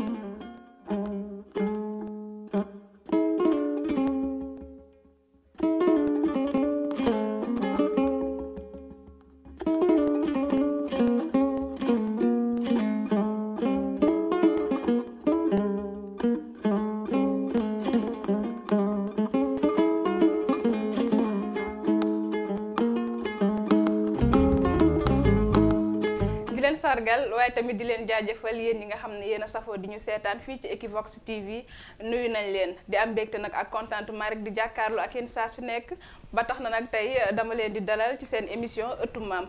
thank you tamit di leen jaajëfal yéen ñi nga xam ne yéen a safoo di ñu seetaan fii ci Equivox TV nuyu nañ leen di am mbégte nag ak contentement rek di jàkkaarlu ak yéen saa su nekk ba tax na nag tey euh, dama leen di dalal ci seen émission ëttu maam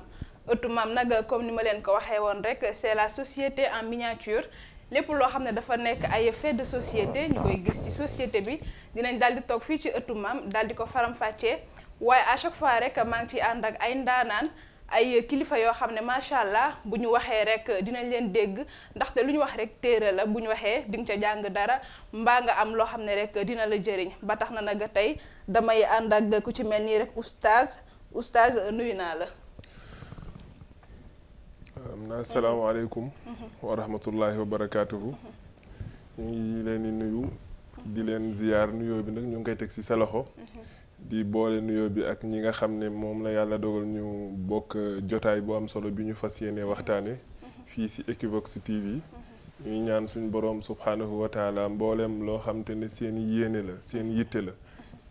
ëttu maam nag euh, comme ni ma leen ko waxee woon rek c'est la société en miniature lépp loo xam ne dafa nekk ay fait de société ñu koy gis ci société bi dinañ dal di toog fii ci ëttu maam daal di ko faram-fàccee waaye à chaque fois rek maa ngi ciy ànd ak ay ndaanaan ay kilifa yoo xam ne macha allah bu ñu waxee rek dinañ leen dégg ndaxte lu ñu wax rek téere la bu ñu waxee di nga ca jàng dara mbaa nga am loo xam ne rek dina la jëriñ ba tax na nag tey damay ànd ak ku ci mel nii rek oustaz oustaz nuyu naa la. am na salaamaaleykum. wa rahmatullahi wa barakaatuhu. leen di nuyu. di leen ziyaar nuyoo bi nag ñu ngi koy teg ci sa loxo. di boole nuyoo bi ak ñi nga xam ne moom la yàlla dogal ñu bokk jotaay bu am solo bi ñu fas yéene waxtaane fii ci Equivox TV ñuy ñaan suñu boroom subhaanahu wa taala mbooleem loo xam te ne seen yéene la seen yitte la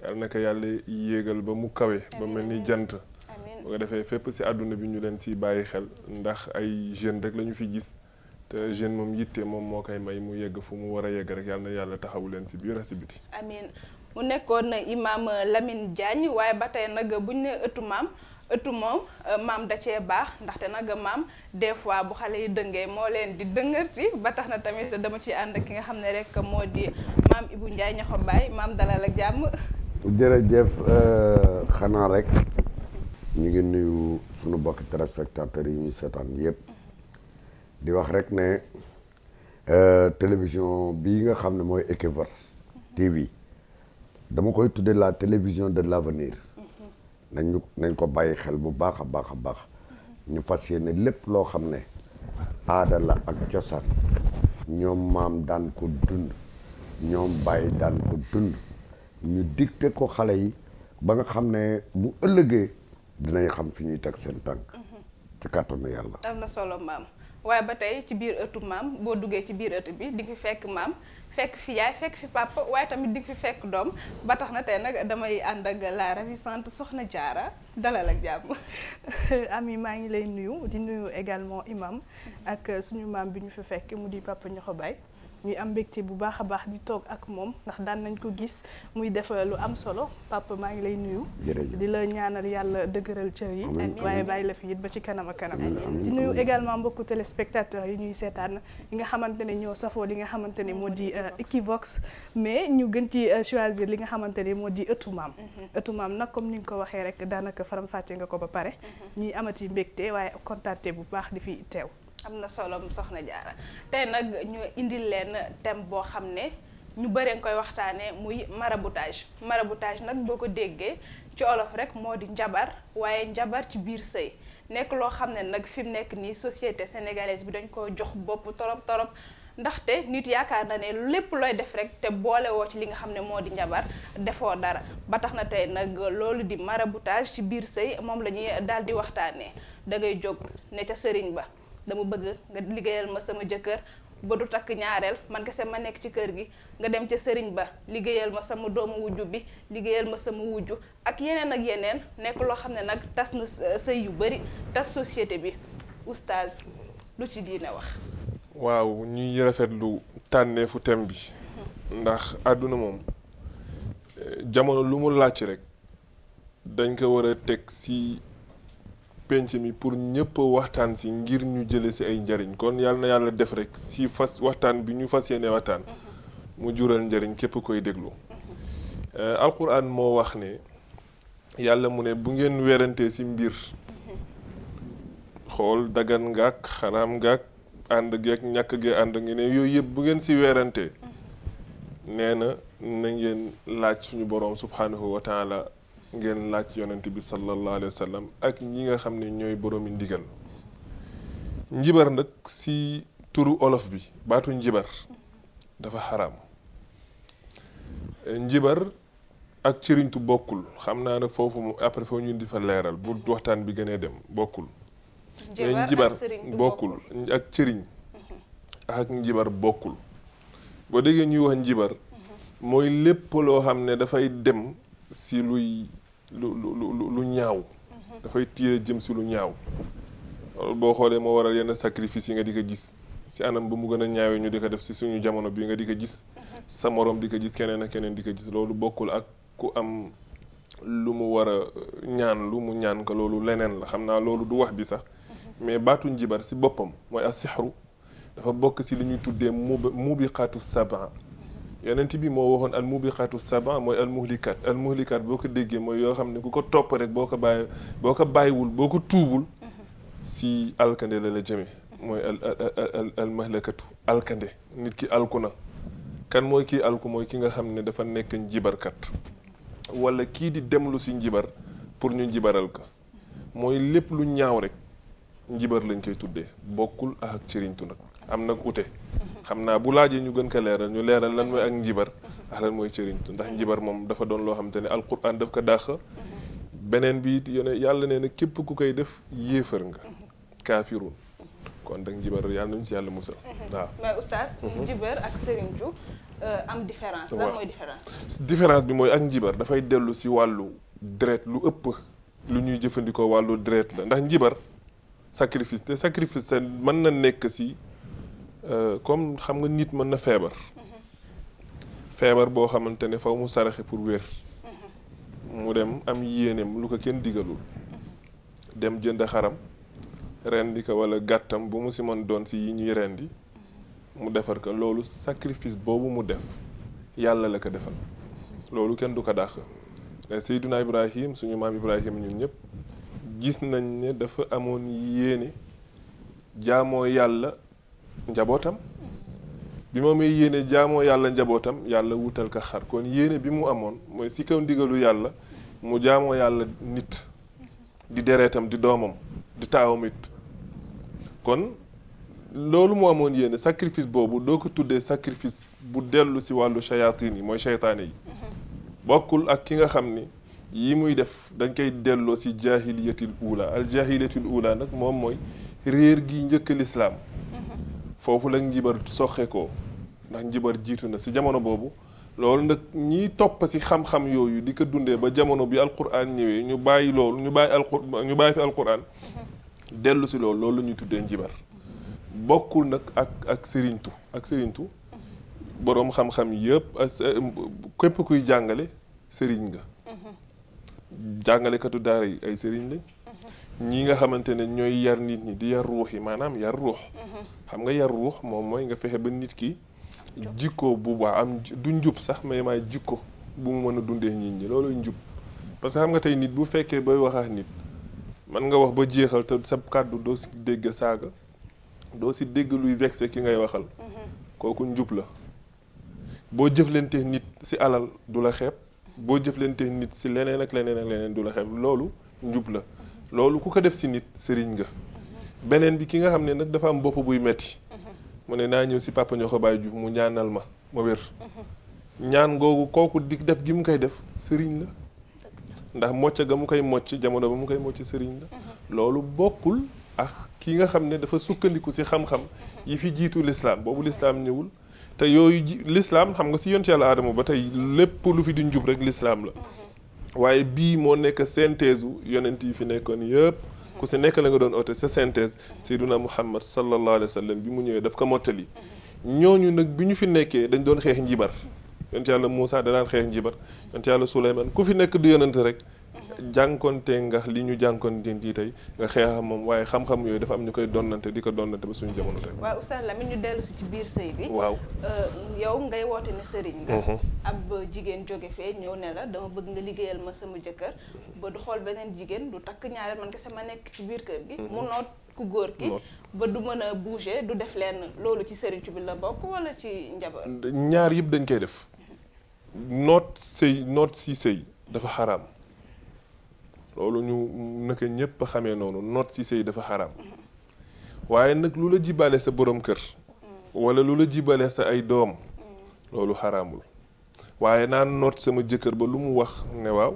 yàlla naka yàlla yéegal ba mu kawe ba mel ni jant boo ko defee fépp ci àdduna bi ñu leen ci bàyyi xel ndax ay jeune rek lañu fi gis te jeune moom yitte moom moo koy may mu yegg fu mu war a yegg rek yàlla na yàlla taxawu leen ci biir mu nekkoon imam Lamine Diagne waaye ba tey nag buñ ne ëttu maam ëttu moom euh, maam da cee baax ndaxte nag maam des fois bu xale yi dëngee moo leen di dëngërti ba tax na tamit dama ci ànd ki nga xam ne rek moo di maam Ibou Ndiaye ñaxo baay maam dalal ak jàmm. jërëjëf euh, xanaa rek ñu ngi nuyu sunu bokki téléspectateurs yi ñu seetaan yëpp di wax rek ne euh, télévision bii nga xam ne mooy Equivox TV. dama koy tuddee la télévision de l'avenir nañ ñu nañ ko bàyyi xel bu baax a baax a baax ñu fas yéene lépp loo xam ne aada la ak cosaan ñoom maam daan ko dund ñoom bàyyi daan ko dund ñu dicté ko xale yi ba nga xam ne bu ëllëgee dinañ xam fi ñuy teg seen tànk ci kàttanu yàlla am na solo maam waaye ba tey ci biir ëttu maam boo duggee ci biir ëtt bi di nga fekk maam fekk fi yaay fekk fi papa waaye tamit di fi fekk doom ba tax na tey nag damay ànd ak la ravissante Soxna jaara dalal ak jàmm. ami maa ngi lay nuyu di nuyu également imam ak euh, suñu maam bi ñu fi fekk mu di papa Ñoxo Baay ñuy am mbégte bu baax a baax di toog ak moom ndax daan nañ ko gis muy def lu am solo papa maa ngi lay nuyu. di la ñaanal yàlla dëgëral cër yi. waaye bàyyi la fi it ba ci kanam ak kanam. di nuyu également mbokku téléspectateurs yi ñuy seetaan yi nga xamante ne ñoo safoo li nga xamante ne moo di euh, Equivox mais ñu gën ci euh, choisir li nga xamante ne moo di ëttu maam. Mm-hmm. ëttu maam nag comme ni nga ko waxee rek daanaka faram fàcce nga ko ba pare. Mm-hmm. ñuy amati mbégte waaye kontaante bu baax di fi teew. am na solo soxna jaara tey nag ñu indi leen thème boo xam ne ñu bëree koy waxtaanee muy maraboutage maraboutage nag boo ko déggee ci olof rek moo di njabar waaye njabar ci biir sëy nekk loo xam ne nag fi mu nekk nii société sénégalaise bi dañ ko jox bopp torop torop ndaxte nit yaakaar na ne lépp looy def rek te boole woo ci li nga xam ne moo di njabar defoo dara ba tax na tey nag loolu di maraboutage ci biir sëy moom la ñuy daal di waxtaanee da ngay jóg ne ca sëriñ ba dama bëgg nga liggéeyal ma sama jëkkër ba du takk ñaareel man kese ma nekk ci kër gi nga dem ca sëriñ ba liggéeyal ma sama doomu wujju bi liggéeyal ma sama wujju ak yeneen ak yeneen nekk loo xam ne nag tas na sëy yu bari tas société bi oustaz lu ci diine wax waaw ñuy rafetlu tànneefu thème bi hmm. ndax àdduna moom eh, jamono lu mu làcc rek dañ ko war a teg si penc mi pour ñëpp waxtaan si ngir ñu jële si ay njariñ kon yàlla na yàlla def rek si fas waxtaan bi ñu fas yéene waxtaan mu jural njariñ képp koy déglu euh, alquran moo wax ne yàlla mu ne bu ngeen werantee si mbir xool daggan ngaak xaraam ngaak ànd geeg ñàkk gee ànd ngi ne yooyu yëpp bu ngeen si weerante nee na ngeen laaj suñu boroom subhanahu wa ngeen laaj yonent bi sallallahu alayhi wa ak ñi nga xam ne ñooy boroomi ndigal njibar nag si turu olof bi baatu njibar dafa xaraam njibar ak cëriñtu bokkul xam naa nag foofu mu après foofu ñun leeral bu waxtaan bi gënee dem bokkul mais njibar bokkul ak cëriñ mhm. ak njibar bokkul boo déggee ñuy wax njibar mhm. mooy lépp loo xam ne dafay dem si luy lu lu lu ñaaw dafay tiire jëm si lu ñaaw boo xoolee moo waral yenn sacrifice yi nga di ko gis si anam bu mu gën a ñaawee ñu di ko def si suñu jamono bi nga di ko gis sa moroom di ko gis keneen a keneen di ko gis loolu bokkul ak ku am lu mu war a ñaan lu mu ñaan ko loolu leneen la xam naa loolu du wax bi sax mais baatu njibar si boppam mooy as sixru dafa bokk si li ñuy tuddee mu mu bi mubiqaatu sabaa yeneen yonent bi moo waxoon almubiqatu saban mooy almuhlikat almuhlikat boo ko déggee mooy yoo xam ne ku ko topp rek boo ko boo ko bàyyiwul boo ko tuubul si alkande la la jëme mooy al al almahlakatu alkande nit ki alku na kan mooy kii alku mooy ki nga xam ne dafa nekk njibarkat wala kii di demlu si njibar pour ñu njibaral ko mooy lépp lu ñaaw rek njibar lañ koy tuddee bokkul ak cëriñtu nag am nag ute xam naa bu laajee ñu gën ko leeral ñu leeral lan mooy ak njibar ak lan mooy cëriñtu ndax njibar moom dafa doon loo xam te ne alquran daf ko dàq beneen bi it yone yàlla nee na képp ku koy def yéefar nga kaafirun kon nag njibar yàlla nañu si yàlla musal waaw mooy oustaz njibar ak sëriñtu euh, am différence lan mooy différence différence bi mooy ak njibar dafay dellu si wàllu deret lu ëpp lu ñuy jëfandikoo wàllu deret la ndax njibar sacrifice te sacrifice mën na nekk si Euh, comme xam nga nit mën na feebar feebar boo xamante ne faw mu saraxe pour wér mu dem am yéeneem lu ko kenn digalul dem jënd xaram rendi ko wala gàttam bu mu si mën doon si yi ñuy rendi mu defar ko loolu sacrifice boobu mu def yàlla la ko defal loolu kenn du ko dàq Seydina Ibrahim suñu maam Ibrahim ñun ñëpp gis nañ ne dafa amoon yéene jaamoo yàlla njabootam bi ma may yéene jaamoo yàlla njabootam yàlla wutal ka xar kon yéene bi mu amoon mooy si kaw ndigalu yàlla mu jaamoo yàlla nit di dereetam di doomam di taawam kon loolu mu amoon yéene sacrifice boobu doo ko tuddee sacrifice bu dellu si wàllu shayatin yi mooy shaytaane yi bokkul ak ki nga xam ni yi muy def dañ koy delloo si jaahiliyatil uula al jaahiliyatil uula nag moom mooy réer gi njëkk lislaam foofu la njibar soxe ko ndax njibar jiitu na si jamono boobu loolu nag ñiy topp si xam-xam yooyu di ko dundee ba jamono bi alquran ñëwee ñu bàyyi loolu ñu bàyyi alqur ñu bàyyi fi dellu si loolu loolu ñuy tuddee njibar bokkul nag ak ak sëriñtu ak sëriñtu boroom xam-xam yëpp eh, képp kuy jàngale sëriñ nga mhm. jàngalekatu daara ay sëriñ lañ ñi nga xamante ne ñooy yar nit ñi di yar ruux yi maanaam yar ruux mm-hmm. xam nga yar ruux moom mooy nga fexe ba nit ki jikko bu baax am du njub sax mais maay jikko bu mu mën a dundee nit ñi loolu njub parce que xam nga tey nit bu fekkee bay wax ak nit man nga wax ba jeexal te sa kàddu doo si dégg saaga doo si dégg luy vexé ki ngay waxal mm-hmm. kooku njub la boo jëflantee nit si alal du la xepp boo jëf jëflantee nit si leneen ak leneen ak leneen du la xeeb loolu njub la loolu ku ko def si nit sëriñ nga beneen bi ki nga xam ne nag dafa am bopp buy metti mhm. mu ne naa ñëw si papa ñoo ko bàyyi Diouf mu ñaanal ma ma wér mhm. ñaan googu kooku di def gi mu koy def sëriñ la ndax mocc ga mu koy mocc jamono ba mu koy mocc sëriñ la mhm. loolu bokkul ak ki nga xam ne dafa sukkandiku si xam-xam yi fi jiitu lislaam boobu lislaam ñëwul te yooyu lislaam xam nga si yonent yàlla aadama ba tey lépp lu fi di njub rek lislaam la waaye bii moo nekk synthèse u yonent yi fi nekkoon yëpp ku si nekk la nga doon oote sa synthèse Seydina Muhammad sallallahu alayhi wa sallam bi mu ñëwee daf ko mottali ñu nag bi ñu fi nekkee dañ doon xeex njibar yonent yàlla Moussa danaan xeex njibar yonent yàlla Souleymane ku fi nekk du yonent rek jànkonte nga li ñu jànkonte ci tey nga xeexa moom waaye xam-xam yooyu dafa am ñu koy donnante di ko donnante ba suñu jamono tey waaw oustaz Lamine ñu dellu si ci biir sëy bi waaw euh, yow ngay woote ne sëriñ nga mhm. ab jigéen jóge fee ñëw ne la dama bëgg nga liggéeyal ma sama jëkkër ba du xool beneen jigéen du takk ñaareel man kese ma nekk ci biir kër gi mhm. mu noot ku góor ki ba du mën a bouger du def leen loolu ci sëriñcu bi la bokk wala ci njabar ñaar yëpp dañ koy def noot sëy noot si sëy dafa xaram loolu ñu naka ñëpp xamee noonu noot si sëy dafa xaram waaye nag lu la jibale sa boroom kër wala lu la jibale sa ay doom loolu xaraamul waaye naan noot sama jëkkër ba lu mu wax ne waaw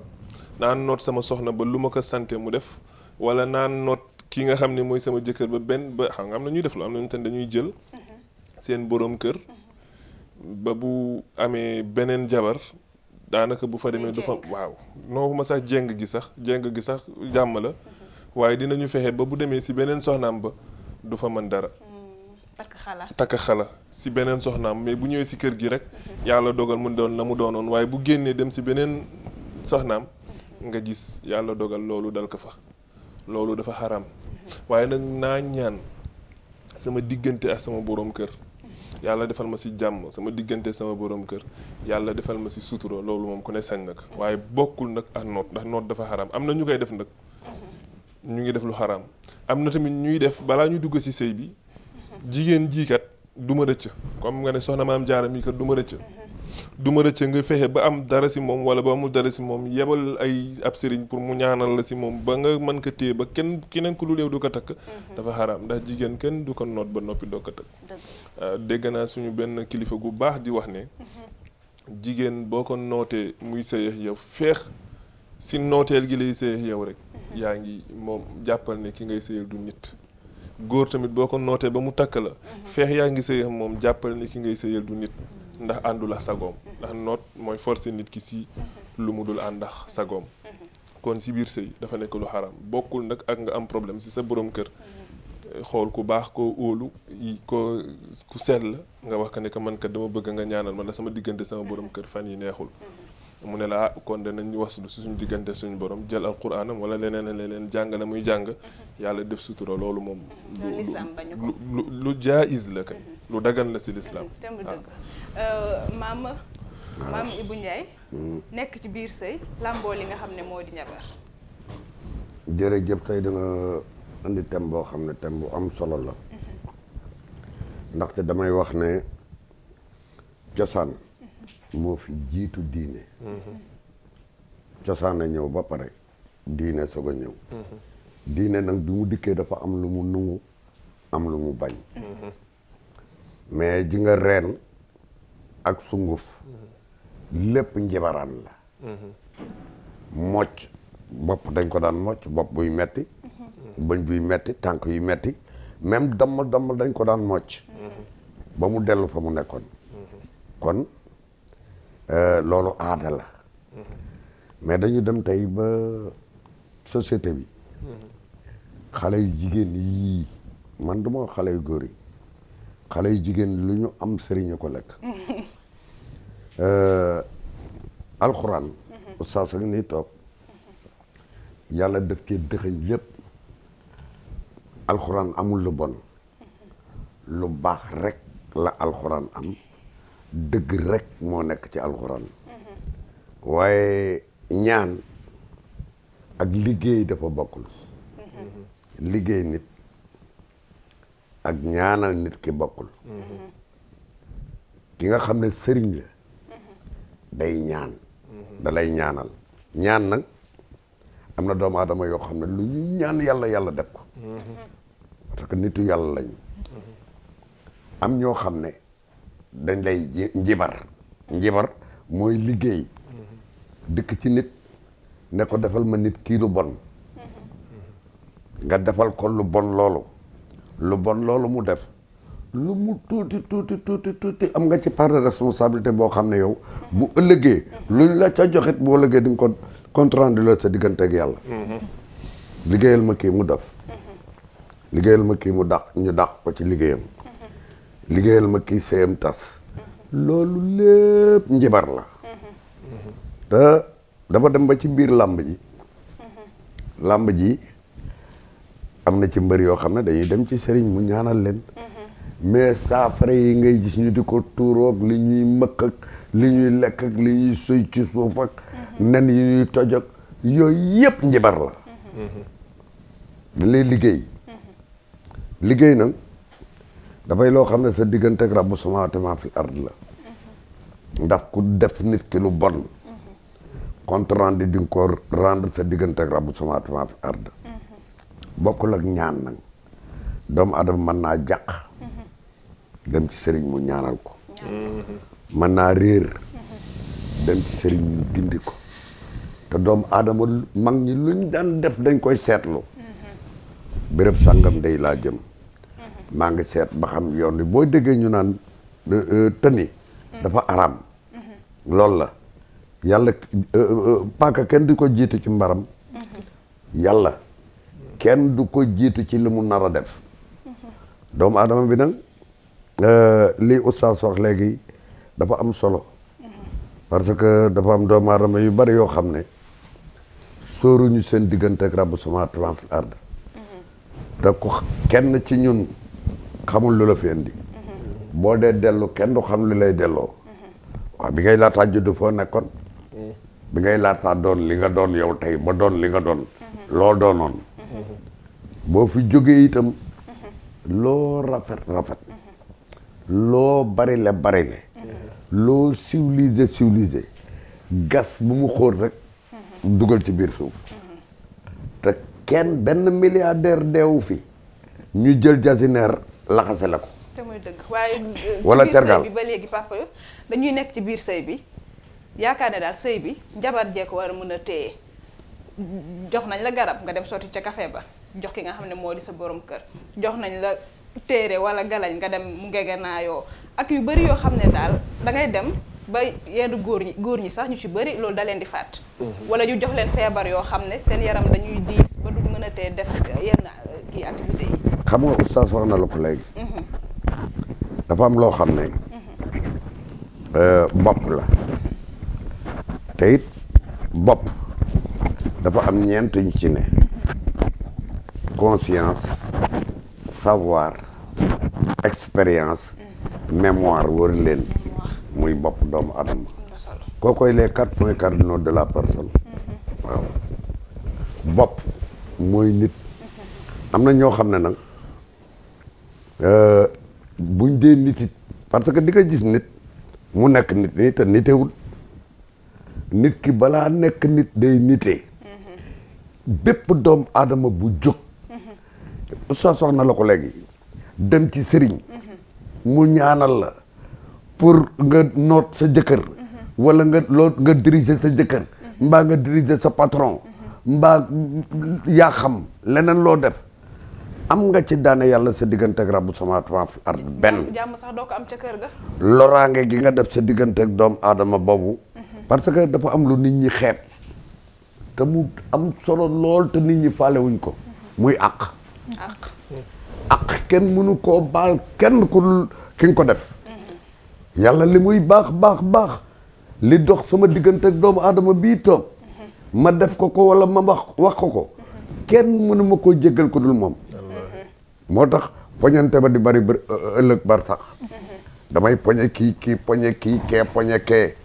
naan noot sama soxna ba lu ma ko sante mu def wala naan noot ki nga xam ne mooy sama jëkkër ba benn ba xam nga am na ñuy def lu am na ñu dañuy jël mhm. seen boroom kër ba bu amee beneen jabar daanaka bu fa demee du fa waaw noo ma sax jéng gi sax jéng gi sax jàmm la waaye dinañu fexe ba bu demee si beneen soxnaam ba du fa mën dara hmm, takk xala takk xala si beneen soxnaam mais bu ñëwee si kër gi rek yàlla dogal mu doon la mu doonoon waaye bu génnee dem si beneen soxnaam nga gis yàlla dogal loolu dal ko fa loolu dafa xaram hmm. waaye nag naa ñaan sama diggante ak sama boroom kër yàlla defal ma si jàmm sama diggante sama boroom kër yàlla defal ma si sutura loolu moom ko ne sañ nag waaye bokkul nag ak noot ndax noot dafa xaraam am na ñu koy def nag ñu ngi def lu xaraam am na tamit ñuy def balaa ñu dugg si sëy bi jigéen jiikat du ma rëcc comme nga ne soxna ma am jaara mii kat du ma rëcc du ma rëcc nga fexe ba am dara si moom wala ba amul dara si moom yebal ay ab sëriñ pour mu ñaanal la si moom ba nga mën ko téye ba kenn keneen ku lu léew du ko takk mhm. dafa xaraam ndax jigéen kenn du ko noot ba noppi doo ko takk Euh, dégg naa suñu benn kilifa gu baax di wax ne jigéen boo ko nootee muy sëyeex yow feex si nooteel gi lay sëyeex yow rek yaa ngi moom jàppal ne ki ngay sëyal nit góor tamit boo ko nootee ba mu takk la feex yaa ngi sëyeex moom jàppal ne ki ngay sëyal du nit ndax àndul ak sagoom ndax noot mooy forcer nit ki si lu mu dul ànd ak sagoom kon si biir sëy dafa nekk lu xaram bokkul nag ak nga am problème si sa borom kër xool ku baax ko óolu ko ku sell nga wax ko ne que man kat dama bëgg nga ñaanal man la sama diggante sama boroom kër fan yi neexul mu ne la ah kon de nañ waslu si suñu diggante suñu boroom jël al quraanam wala leneen leneen jàng la muy jàng yàlla def sutura loolu moom lu lu jaayiz la kay lu dagan la si lislaam euh, maam maam Ibou Ndiaye nekk ci biir sëy làmboo li nga xam ne moo di njabar jërëjëf tey da nga indi boo xam ne thème bu am solo la ndaxte damay wax ne cosaan moo fi jiitu diine cosaan a ñëw ba pare diine soog a ñëw diine nag du mu dikkee dafa am lu mu nungu am lu mu bañ mais ji nga reen ak sunguf lépp njibaraan la mocc bopp dañ ko daan mocc bopp buy metti bañ buy metti tànk yu metti même damm damm dañ ko daan mocc ba mu dellu fa mu nekkoon kon euh, loolu aadala la mais dañu dem tey ba société bi xale yu jigéen yii man du xale yu góor yi xale yu jigéen lu ñu am sëriñ ko lekk euh, alxuraan. Mhm. oustaz ak ni toog yàlla def cee dëxëñ lépp alxuraan amul lu bon lu baax rek la alxuraan am dëgg rek moo nekk ci alxuraan waaye ñaan ak liggéey dafa bokkul liggéey nit ak ñaanal nit ki bokkul ki nga xam ne sëriñ la day ñaan da lay ñaanal ñaan nag am na doomu aadama yoo xam ne lu ñu ñaan yàlla yàlla def ko parce que nitu yàlla lañu am ñoo xam ne dañ lay njibar njibar mooy liggéey dëkk ci nit ne ko defal ma nit kii lu bon nga defal ko lu bon loolu lu bon loolu mu def lu mu tuuti tuuti tuuti tuuti am nga ci part de responsabilité boo xam ne yow bu ëllëgee luñ la ca joxit boo ëllëgee di nga ko contrandiloo sa diggante ak yàlla mm-hmm. liggéeyal ma kii mu def liggéeyal ma kii mu dàq ñu dàq ko ci liggéeyam liggéeyal ma kii seeyam tas loolu lépp njibar la te dama dem ba ci biir làmb ji làmb ji am na ci mbër yoo xam ne dañuy dem ci sëriñ mu ñaanal leen mais saafara yi ngay ji suñu di ko tuuroog li ñuy mëkk li ñuy lekk ak li ñuy suy ci nen yi ñuy toj ak yooyu yëpp njibar la mhm. da liggéey liggéey nag dafay loo xam ne sa diggante ak rabbu samaawaati maa fi ard la ndax ku def nit ki lu bon compte rendu di nga ko rendre sa diggante ak rabbu samaawaati maa fi ard bokkul ak ñaan nag doomu adama mën naa jàq dem ci sëriñ mu ñaanal ko mën naa réer dem sëriñ mu dindi ko te doomu aadama mag ñi lu ñu daan def dañ koy seetlu béréb sàngam day laa jëm maa ngi seet ba xam yoon bi boo déggee ñu naan euh, euh, tëni mm. dafa araam mm-hmm. loolu la yàlla euh, paaka kenn du ko jiitu ci mbaram mm-hmm. yàlla kenn du ko jiitu ci li mu def mm-hmm. doomu aadama bi nag lii oustaz wax léegi dafa am solo parce que dafa am doomu aadama yu bari yoo xam ne sóoruñu seen diggante ak rabbu sama fil ard te ku kenn ci ñun xamul lu la fi indi boo dee dellu kenn du xam lu lay delloo waaw bi ngay laataa juddu foo nekkoon bi ngay laataa doon li nga doon yow tey ba doon li nga doon loo doonoon boo fi jógee itam loo rafet rafet loo bari le bari le loo civilisé civilisé gas bu mu xool rek dugal ci biir suuf te kenn benn milliardaire deewu fi ñu jël jasineer laxase la ko. te mooy dëgg waaye. Euh, wala tergal bi ba léegi papa dañuy nekk ci biir sëy bi yaakaar ne daal sëy bi jabar jee ko war a mën a téye jox nañ la garab nga dem sotti ca kafe ba jox ki nga xam ne moo di sa borom kër jox nañ la téere wala galañ nga dem mu ngegenaayoo ak yu bëri yoo xam ne daal da dem. ba yenn góor ñi góor ñi sax ñu ci bëri loolu da leen di fàtt mm-hmm. wala ñu jox leen feebar yoo xam ne seen yaram dañuy diis Uh, xam nga oustaz wax na la ko léegi. Mhm. dafa am loo xam ne. Mhm. Euh, bopp la. te it bopp dafa am ñeent ñu ci ne. conscience savoir expérience mhm. mémoire wër leen muy bopp doomu adama kookoy les quatre points cardinaux de la personne bopp mooy nit am na ñoo xam ne nag euh, buñ dee nit parce que di nga gis nit mu nekk nit nii te nitewul nit ki balaa nekk nit day nitee bépp doom aadama bu jóg oustaz wax na la ko léegi dem ci sëriñ mu ñaanal la pour nga noot sa jëkkër wala nga loo nga diriger sa jëkkër mbaa nga diriger sa patron mbaa yaa xam leneen loo def am nga ci daane yàlla sa diggante ak rabbu samawaati wal ard benn jàmm sax doo am ca kër ga gi nga def sa diggante ak doomu aadama boobu mhm. parce que dafa am lu nit ñi xeeb te mu am solo lool te nit ñi faale ko mhm. muy àq àq kenn mënu koo baal kenn ku ki nga ko def mhm. yàlla li muy baax baax baax li dox sama diggante ak doomu aadama bii toog ma def ko ko wala ma wax wax ko ko kenn mënuma koo jéggal ko dul moom moo tax poñante ba di bari ëllëg bar sax damay poñe kii kii poñe kii kee poñe kee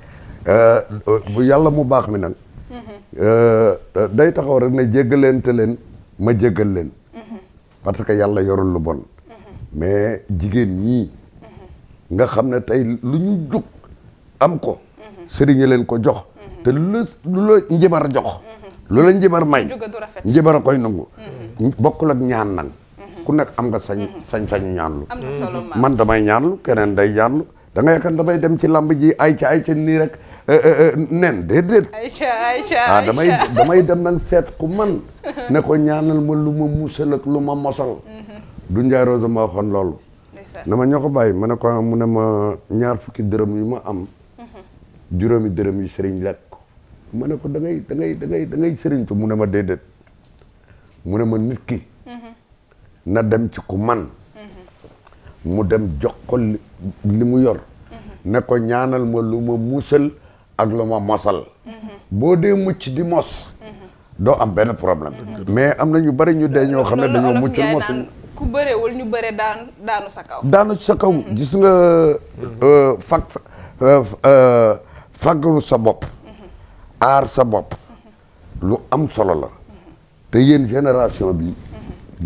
bu euh, euh, yàlla mu baax mi nag euh, day taxaw rek ne jéggalente leen ma jéggal leen parce que yàlla yorul lu bon mais jigéen ñii nga xam ne tey lu ñu jug am ko mm-hmm. sëriñ leen ko jox te lu la njëbar jox. lu la njëbar may. njibar a koy nangu. Mm-hmm. bokkul ak ñaan nag. Mm-hmm. ku nekk am nga sañ mm-hmm. sañ-sañu ñaanlu. man damay ñaanlu keneen day ñaanlu da nga yaakaar damay dem ci lamb ji ay ca ay ca nii rek eh, eh, eh, nen ah, damay damay dem nag seet ku man ne ko ñaanal ma lu ma musal lu ma mosal. du Ndiaye Rose ma waxoon loolu. na ma ñoo ko bàyyi ma ne ko mu ne ma ñaar fukki dërëm yu ma am. juróomi dërëm yu sëriñ lekk. ma ne ko da ngay da ngay da ngay mu ne ma déedéet mu ne ma nit ki na dem ci ku man mu dem jox ko li mu yor ne ko ñaanal ma lu ma muusal ak lu ma mosal boo dee mucc di mos doo am benn problème mais am na ñu bari ñu dee ñoo xam ne dañoo mucc mosuñ ku bëree wul ñu bëree daanu sa kaw gis nga euh, fag euh, euh, fagaru sa bopp aar sa bopp lu am solo la te yéen génération bi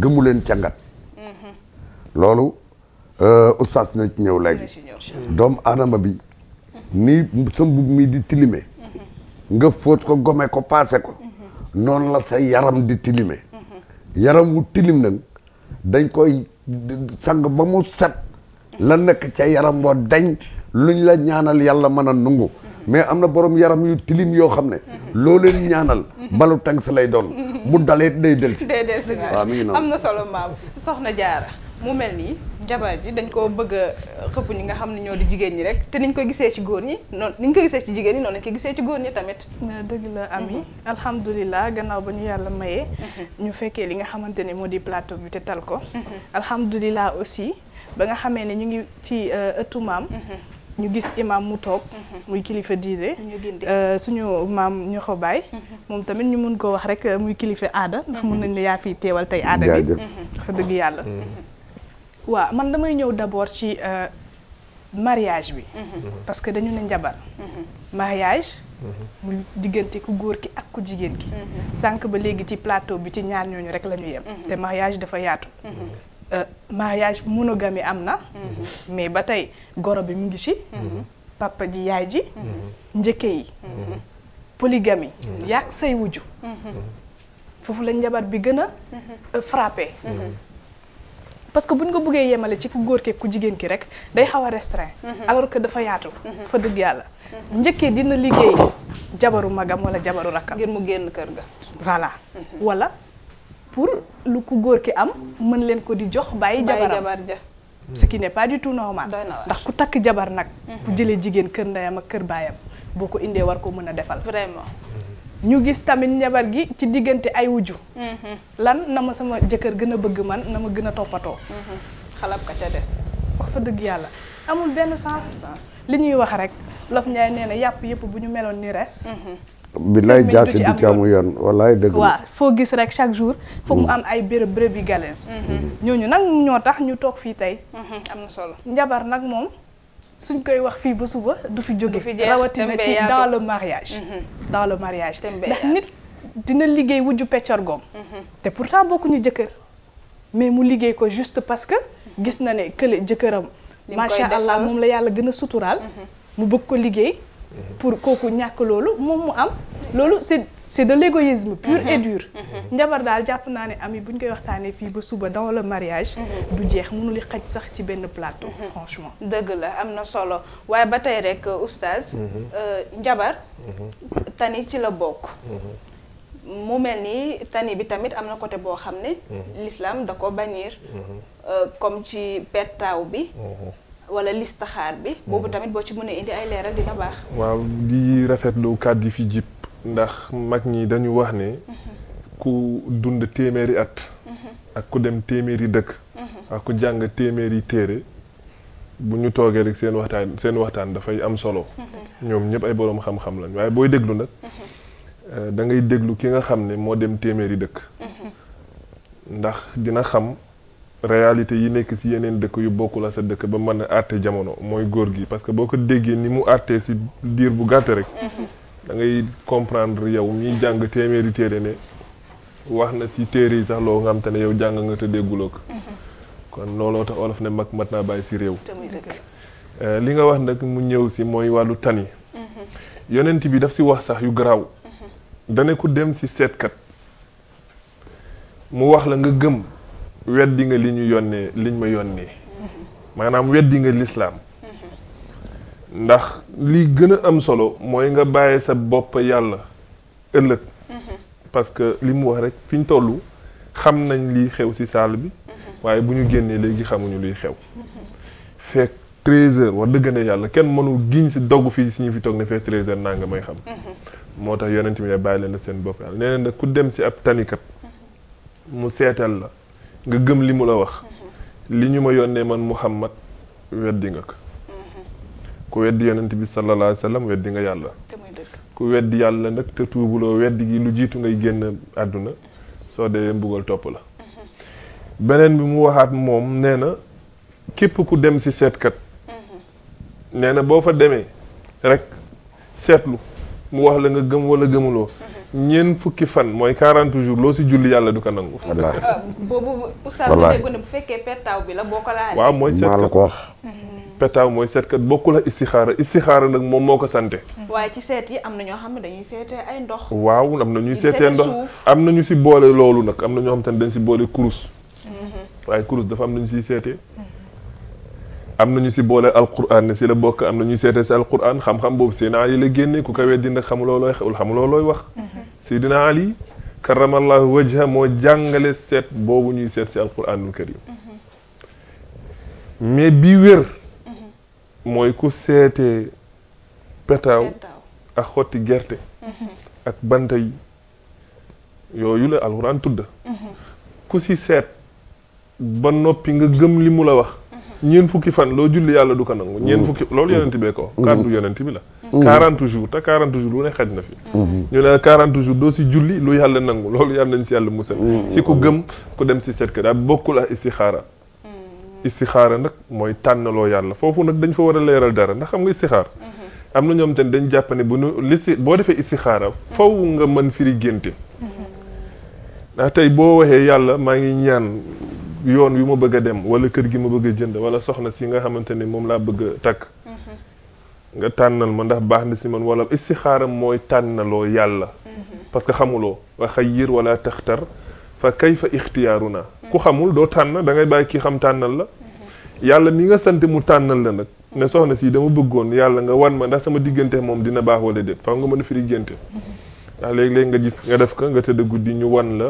gëmu leen càngat loolu euh, oustaz na ci ñëw léegi doomu aadama bi nii sa mbubb mi di tilime nga fóot ko gome ko paase ko noonu la sa yaram di tilime yaram wu tilim nag dañ koy sang ba mu set la nekk ca yaram wa dañ luñ la ñaanal yàlla mën a nungu mais am na borom yaram yu tilim yoo xam ne loo leen ñaanal balu tàng sa lay doon bu dalee day del si mi ngi am na solo maam soxna jaara mu mel nii jabar ji dañ koo bëgg a ñi nga xam ne ñoo di jigéen ñi rek te niñ koy gisee ci góor ñi noonu niñ koy gisee ci jigéen ñi noonu lañ koy gisee ci góor ñi tamit dëgg la ami mhm. alhamdulilah gannaaw ba ñu yàlla mayee mhm. ñu fekkee li nga xamante ne moo di plateau bi te tal ko mhm. alhamdulilah aussi ba nga xamee ne ñu ngi ci euh, ëttu maam ñu gis imam mu toog mhm. muy kilifa diine euh, suñu maam ñu ko bàyyi moom tamit ñu mën koo wax rek euh, muy kilifa aada ndax mun mhm. nañ ne yaa fi teewal tey aada bi mhm. wax dëgg yàlla waaw man damay ñëw d'abord ci euh, mariage bi parce que dañu ne njabar mariage mu diggante ku góor ki ak ku jigéen gi sànq ba léegi ci plateau bi ci ñaar ñooñu rek la yem te mariage dafa yaatu Euh, mariage monogamie am na. Mhm. mais ba tey goro bi mu ngi ci. Mhm. papa ji yaay ji. Mhm. njëkke yi. polygamie. yàq say wujju foofu la njabar bi gën a euh, frappé. parce que buñ ko buggee yemale ci ku góor keeg ku jigéen ki rek day xaw a restreint. alors que dafa yaatu. fa dëgg yàlla. njëkkee dina liggéey jabaru magam wala jabaru rakkam. ngir mu génn kër ga. voilà wala. pour lu ku góor ki am mën leen ko di jox bàyyi jabar ja ce qui n'est pas du tout normal ndax ku takk jabar nag mhm. ku jëlee jigéen kër ndeyam ak kër baayam boo ko indee war ko mën a defal vraiment ñu gis tamit njabar gi ci diggante ay wujju mhm. lan na ma sama jëkkër gën a bëgg man na ma gën a toppatoo mhm. xalab ka wax fa dëgg yàlla amul benn sens li ñuy wax rek lof njaay nee na yàpp yëpp bu ñu meloon ni res billaay jaasi du ci amu yoon wallaay dëgg waaw foo gis rek chaque jour foog mu am ay bërëb bërëb yi galaise mm-hmm. ñooñu nag ñoo tax ñu toog fii tey mm-hmm. am na solo njabar nag moom suñ koy wax fii ba suba du fi jóge rawatina ci dans le mariage mm-hmm. dans le mariage ndax nit dina liggéey wujju peccorgoom te pourtant bokkuñu jëkkër mais mu liggéey ko juste parce que gis na ne kële jëkkëram macha allah moom la yàlla gën a suturaal mu bëgg ko liggéey pour kooku ñàkk loolu moom mu am loolu c'est de l'égoïsme pur mm-hmm. et dur mm-hmm. njabar daal jàpp naa ne am yi bu ñu koy waxtaanee fii ba suba dans le mariage mm-hmm. du jeex mënul xaj sax ci benn plateau franchement dëgg la am na solo waaye ba tey rek euh, oustaz euh, njabar tani ci la bokk mu mel ni tani bi tamit am na côté boo xam ne lislaam da ko bannir euh, comme ci pertaaw bi wala listaxaar bi. Hmm. boobu tamit boo ci mënee indi ay leeral dina baax. waaw di rafetlu kàdd yi fi jib ndax mag ñi dañu wax ne. Hmm. ku dund téeméeri at. Hmm. ak ku dem téeméeri dëkk. ak ku jàng téeméeri téere bu ñu toogee rek seen waxtaan seen waxtaan dafay am solo. ñoom ñëpp ay boroom xam-xam lañ waaye booy déglu nag. Eh, da ngay déglu ki nga xam ne moo dem téeméeri dëkk. ndax dina xam réalité yi nekk si yeneen dëkk yu bokkul la sa dëkk ba mën a àtte jamono mooy góor gi parce que boo ko déggee ni mu àttee si diir bu gàtt rek da ngay comprendre yow mi jàng téeméeri téere ne wax na si téere yi sax loo nga xam te ne yow jàng nga te dégguloo kon looloo tax olof ne mag mat naa bàyyi si réew euh, li nga wax nag mu ñëw si mooy wàllu tani yonent bi daf si wax sax yu garaaw mhm. dane ku dem si seetkat mu wax la nga gëm weddi nga li ñu yónnee liñ ma yónnee maanaam weddi nga lislaam ndax li gën a am solo mooy nga bàyyi sa bopp yàlla ëllëg parce que li mu wax rek fi ñu toll xam nañ liy xew si saal bi waaye bu ñu génnee léegi xamuñu luy xew fekk treize heures wax dëgg yàlla kenn mënul giiñ si dogg fii ci ñu fi toog na fekk treize heures naa nga may xam moo tax yonent mi ne bàyyi leen la seen bopp yàlla nee na ku dem si ab tanikat mu seetal la nga gëm li mu la wax li ñu ma yónnee man Muhammad weddi nga ko ku weddi yonent bi sallallahu alayhi wa sallam weddi nga yàlla ku weddi yàlla nag te tuubuloo weddi gi lu jiitu ngay génn àdduna soo dee mbugal topp la beneen bi mu waxaat moom nee na képp ku dem ci seetkat nee na boo fa demee rekk seetlu mu wax la nga gëm walla gëmuloo ñeent fukki fan mooy 40 jour loo si julli yàlla du ko nangu. wallaahi ah, boobu oustaz bu ne bu fekkee pettaaw bi la boo ko laalee. la ko wax. pettaaw mooy seetkat bokkul ak istixaara istixaara nag moom moo ko sante. Hmm. waaye ci seet yi am na ñoo xam ne dañuy seetee ay ndox. waaw am na ñuy seetee ndox am na ñu si boole loolu nag am na ñoo xam te ne dañ si boole kurus. Hmm. waaye kurus dafa am nañu ci seetee. Hmm. am na ñu si boole alquran ne si la bokk am na ñu seetee si alquran xam-xam boobu Seydina Ali la génne ku kawee dina xamuloo looy xamuloo looy wax. Mm-hmm. Seydina Ali karamallahu wajha moo jàngale seet boobu ñuy seet si alquranul karim mm-hmm. mais bi wér. Mm-hmm. mooy ku seetee petaaw ak xotti gerte. ak banta yi yooyu la alquran tudd. ku si seet ba noppi nga gëm li mu la wax. ñeent fukki fan loo julli yàlla du ko nangu ñeent fukki mm. loolu yonent bee ko mm. kàddu yonent bi la mm. quarante jours te quarante jours lu ne xaj na fi mm-hmm. ñu ne quarante jours doo si julli lu yàlla nangu loolu yàlla nañ si yàlla musal mm-hmm. si ku gëm ku dem si seetkat daal bokkul ak istixaara istixaara nag mooy tànnaloo yàlla foofu nag dañ fa war a leeral dara ndax xam nga istixaar mm-hmm. am na ñoom tamit dañ jàpp ne bu nu listi boo defee istixaara faw nga mën firi génte ndax tey yàlla maa ngi ñaan yoon wi ma bëgg a dem wala kër gi ma bëgg jënd wala soxna si nga xamante ni moom laa bëgg a takk mm-hmm. nga tànnal ma ndax baax na si man wala istixaaram mooy tànnaloo yàlla mm-hmm. parce que xamuloo wa xayir wala taxtar fa kay fa ixtiyaaru naa ku xamul doo tànn da ngay bàyyi kii xam tànnal la mm-hmm. yàlla mi nga sante mu tànnal la nag ne soxna si dama bëggoon yàlla nga wan ma ndax sama diggante moom dina baax wala déet fa nga mën a firi génte ndax léeg-léeg nga gis nga def ko nga tëdd guddi ñu wan la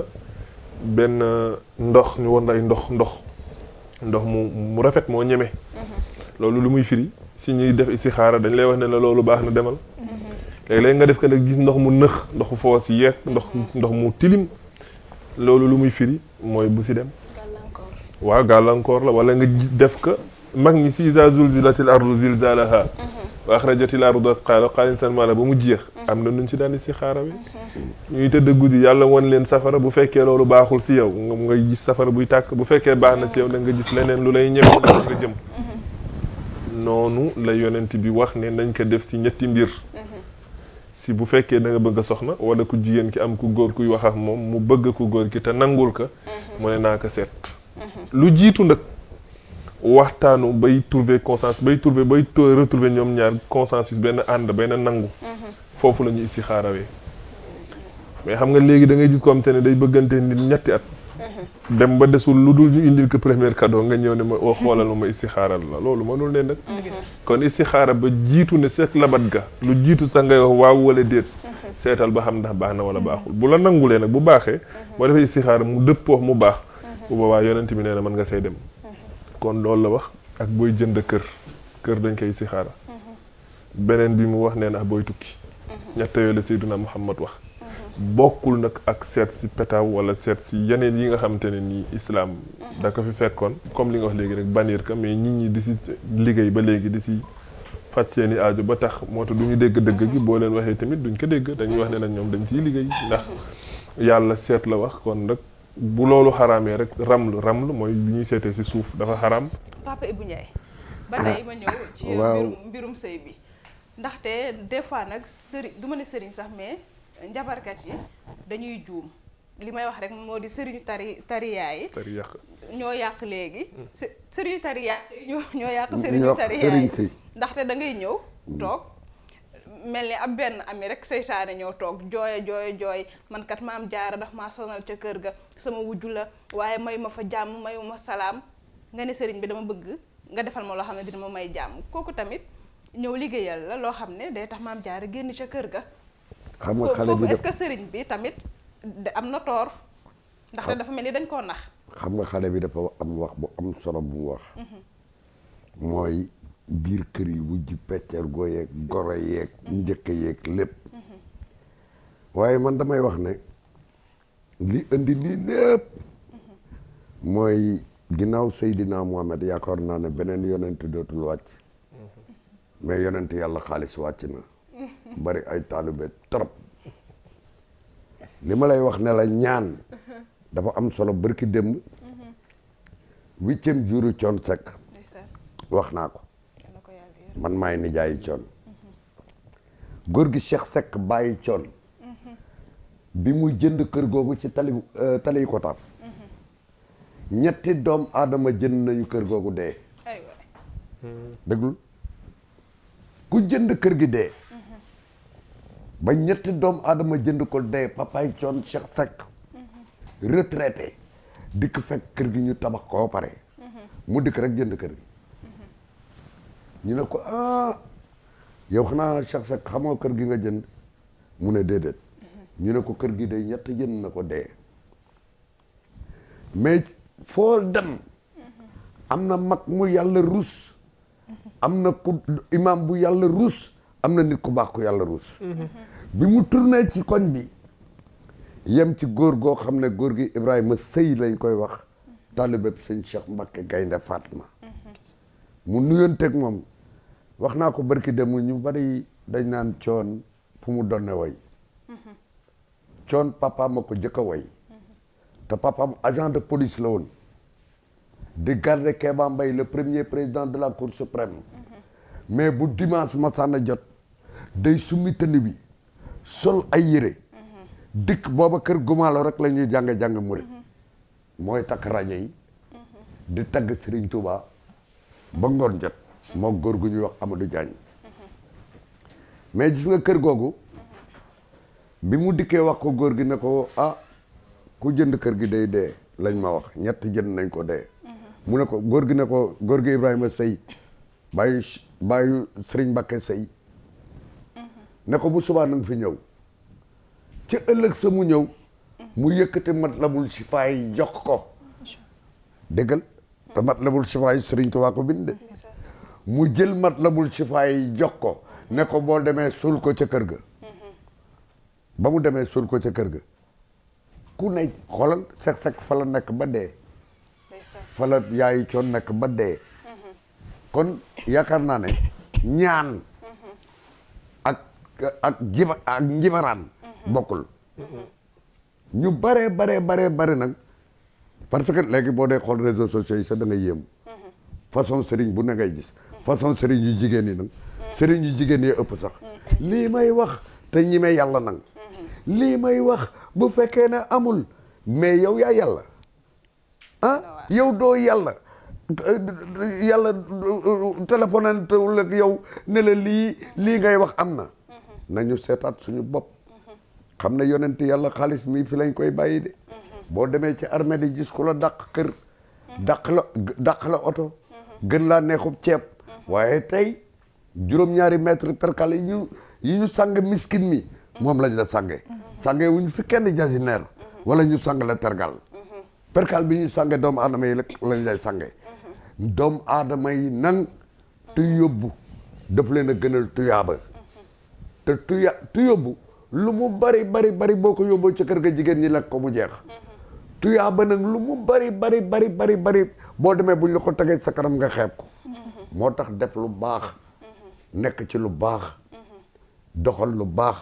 benn ndox ñu won lay ndox ndox ndox mu mu rafet moo ñeme. Mm-hmm. loolu lu muy firi si ñuy def istixaara dañ lay wax ne la loolu baax na demal. Mm-hmm. léeg-léeg nga def ko nag gis ndox mu nëx ndoxu foos yeeg ndox mm-hmm. ndox mu tilim loolu lu muy firi mooy bu si dem. waaw gàllankoor la wala nga def ko mag ñi si izaa zulzilatil ardu zilzaalaha wa axrajati l-ardu asqaalahaa qaala insaanu maa ba mu jeex mm-hmm. am na nuñ si daan istixaara bi mm-hmm. ñuy tëdd guddi yàlla won leen safara bu fekkee loolu baaxul si yow nga gis safara buy tàkk bu fekkee baax na si yow da nga gis leneen lu lay ñëw nga jëm mm-hmm. noonu la yonent bi wax ne nañ ko def si ñetti mbir si bu fekkee danga bëgg a soxna wala ku jigéen ki am ku góor kuy wax ak moom mu bëgg ku góor ki te nangul ko mu ne naa ko seet lu jiitu nag waxtaanu bay trouver consensus bay trouver bay retrouver ñoom ñaar consensus benn ànd benn nangu. Mhm. foofu la ñu istixaarawee mais xam nga léegi da ngay gis ko am te ne day bëggante nit ñetti at. Mhm. dem ba desul lu dul ñu indi ko première cadeau nga ñëw ne ma oo oh, xoolal ma ma istixaaral la loolu mënul ne nag. Mhm. kon istixaara ba jiitu ne seet labat ga. lu jiitu sax ngay wax waaw wala déet. seetal ba xam ndax baax na wala baaxul bu la nangulee nag bu baaxee. boo defee istixaara mu dëppoo mu baax. bu boobaa yonent bi nee na mën nga say dem. kon loolu la wax ak booy jënd kër kër dañ koy sixaara beneen bi mu wax nee na booy tukki ñett yooyu la Seydina Muhammad wax bokkul nag ak seet si pétaw wala seet si yeneen yi nga xamante ne nii islam da ko fi fekkoon comme li nga wax léegi rek bannir ka mais nit ñi di si liggéey ba léegi di si faj seen i aajo ba tax moo tax du ñu dégg dëgg gi boo leen waxee tamit duñ ko dégg dañuy wax ne nag ñoom dañ ciy liggéey ndax yàlla seet la wax kon nag bu loolu xaraamee rek ramlu ramlu mooy bi ñuy seetee si suuf dafa xaraam. papa Ibou Ndiaye. ba ah. ma ñëw. ci mbirum mbirum sëy bi. ndaxte des fois nag sëriñ du ma ne sëriñ sax mais njabarkat yi dañuy juum li may wax rek moo di sëriñu tari tariyaa yi. tari yàq ñoo yàq léegi. Hmm. së sëriñu tariyaa ñoo ñoo yàq. sëriñu tariyaa ndaxte da ngay ñëw hmm. toog. mel ni am benn ami rek seytaane ñoo toog jooy jooy jooy mankat maam jaara ndax maa sonal ca kër ga sama wujju la waaye may ma fa jàmm mayuma salaam nga ne sëriñ bi dama bëgg nga defal ma loo xam ne dina ma may jàmm kooku tamit ñëw liggéeyal la loo xam ne day tax maam jaara génn ca kër ga. xam nga foofu est sëriñ bi tamit am na toor. ndaxte dafa mel ni dañ koo nax. xam nga xale bi dafa am wax bu am solo bu wax. Mhm. biir kër yi wujj peccer go yeeg goro yeeg njëkk yeeg lépp waaye man damay wax ne li indi lii lépp mooy ginnaaw Seydina Mohamed yaakaar naa ne beneen yonent dootul wàcc mais yonent yàlla xaalis wàcc na bari ay taalibe trop li ma lay wax ne la ñaan dafa am solo barki démb huitième jouru Thione Seck wax naa ko man maay nijaay coon góor gi Cheikh Seck bàyyi coon bi mu jënd kër googu ci tali euh, tali ko taaf ñetti doom adama jënd nañu kër googu dee déglul ku jënd kër gi dee ba ñetti doom aadama jënd ko dee papaay coon cek Seck retraité dikk fekk kër gi ñu tabax koo pare mu dikk rek jënd kër gi ñu ne ko ah yow xanaa Cheikh Seck xamoo kër gi nga jënd mu ne déedéet ñu ne ko kër gi de ñett jënd na ko dee mais foo dem am na mag mu yàlla ruus am na ku imam bu yàlla ruus am na nit ku baax ku yàlla ruus bi mu tourné ci koñ bi yem ci góor goo xam ne góor gi Ibrahima sëy lañ koy wax talibeb sëñ Cheikh Mbacké Gaynde Fatma mu teg moom wax naa ko barki dem ñu bari dañ naan coon fu mu donne way coon papa a ko jëkk a way te papaam agent de police la woon di garde Kéba Mbaye la premier président de la cour suprême mais bu dimanche masaana jot day summi tënni bi sol ay yére dikk booba kër gumalo rek la ñuy jàng-jàng murit mooy takk rajo yi di tagg Serigne Touba ba ngoon jot moo góor gu ñuy wax amadu Diagne mais gis nga kër googu bi mu dikkee wax ko góor gi ne ko ah ku jënd kër gi day dee lañ ma wax ñetti jënd nañ ko dee mu ne ko góor gi ne ko góor gi Ibrahima Sey bàyyi bàyyi Serigne Mbacké Sey ne ko bu subaa na nga fi ñëw ci ëllëg sa mu ñëw mu yëkkati mat la si faay jox ko déggal te Matlabul Chifa yi Serigne Touba ko binde mu jël mat Chifa yi jox ko ne ko boo demee suul ko ca kër ga ba mu demee suul ko ca kër ga ku ne xoolal sek sek fa nekk ba dee fala la yaayi coon nekk ba dee kon yaakaar naa ne ñaan ak ak jiba ak bokkul ñu bare bare bare bare nag parce que léegi boo dee xool réseaux sociaux yi sax da ngay yéem façon sëriñ bu ne ngay gis façon sëriñ yu jigéen yi nag sëriñ yu jigéen yi ëpp sax lii may wax te ñi may yàlla nag lii may wax bu fekkee ne amul mais yow yaa yàlla ah yow doo yàlla yàlla téléphone tewul ak yow ne la lii lii ngay wax am na nañu seetaat suñu bopp xam ne yonent yàlla xaalis mi fi lañ koy bàyyi de boo demee ci armée di gis ku la dàq kër dàq la dàq la oto gën laa neexub ceeb waaye tey juróom-ñaari mètre percale yi ñu yi sang miskin mi moom lañ la sange sange wuñ fi kenn jasineer wala ñu sang la tergal percal bi ñu sange doomu aadama yi lañ lay sange doomu aadama yi nan tu yóbbu daf leen a gënal te tuya tu lu mu bari bari bari boo ko yóbboo ci kër ga jigéen ñi lekk ko mu jeex tuyaaba nag lu mu bari bari bari bari bari boo demee buñ la ko tegee sa kanam nga xeeb ko moo tax def lu baax nekk ci lu baax doxal lu baax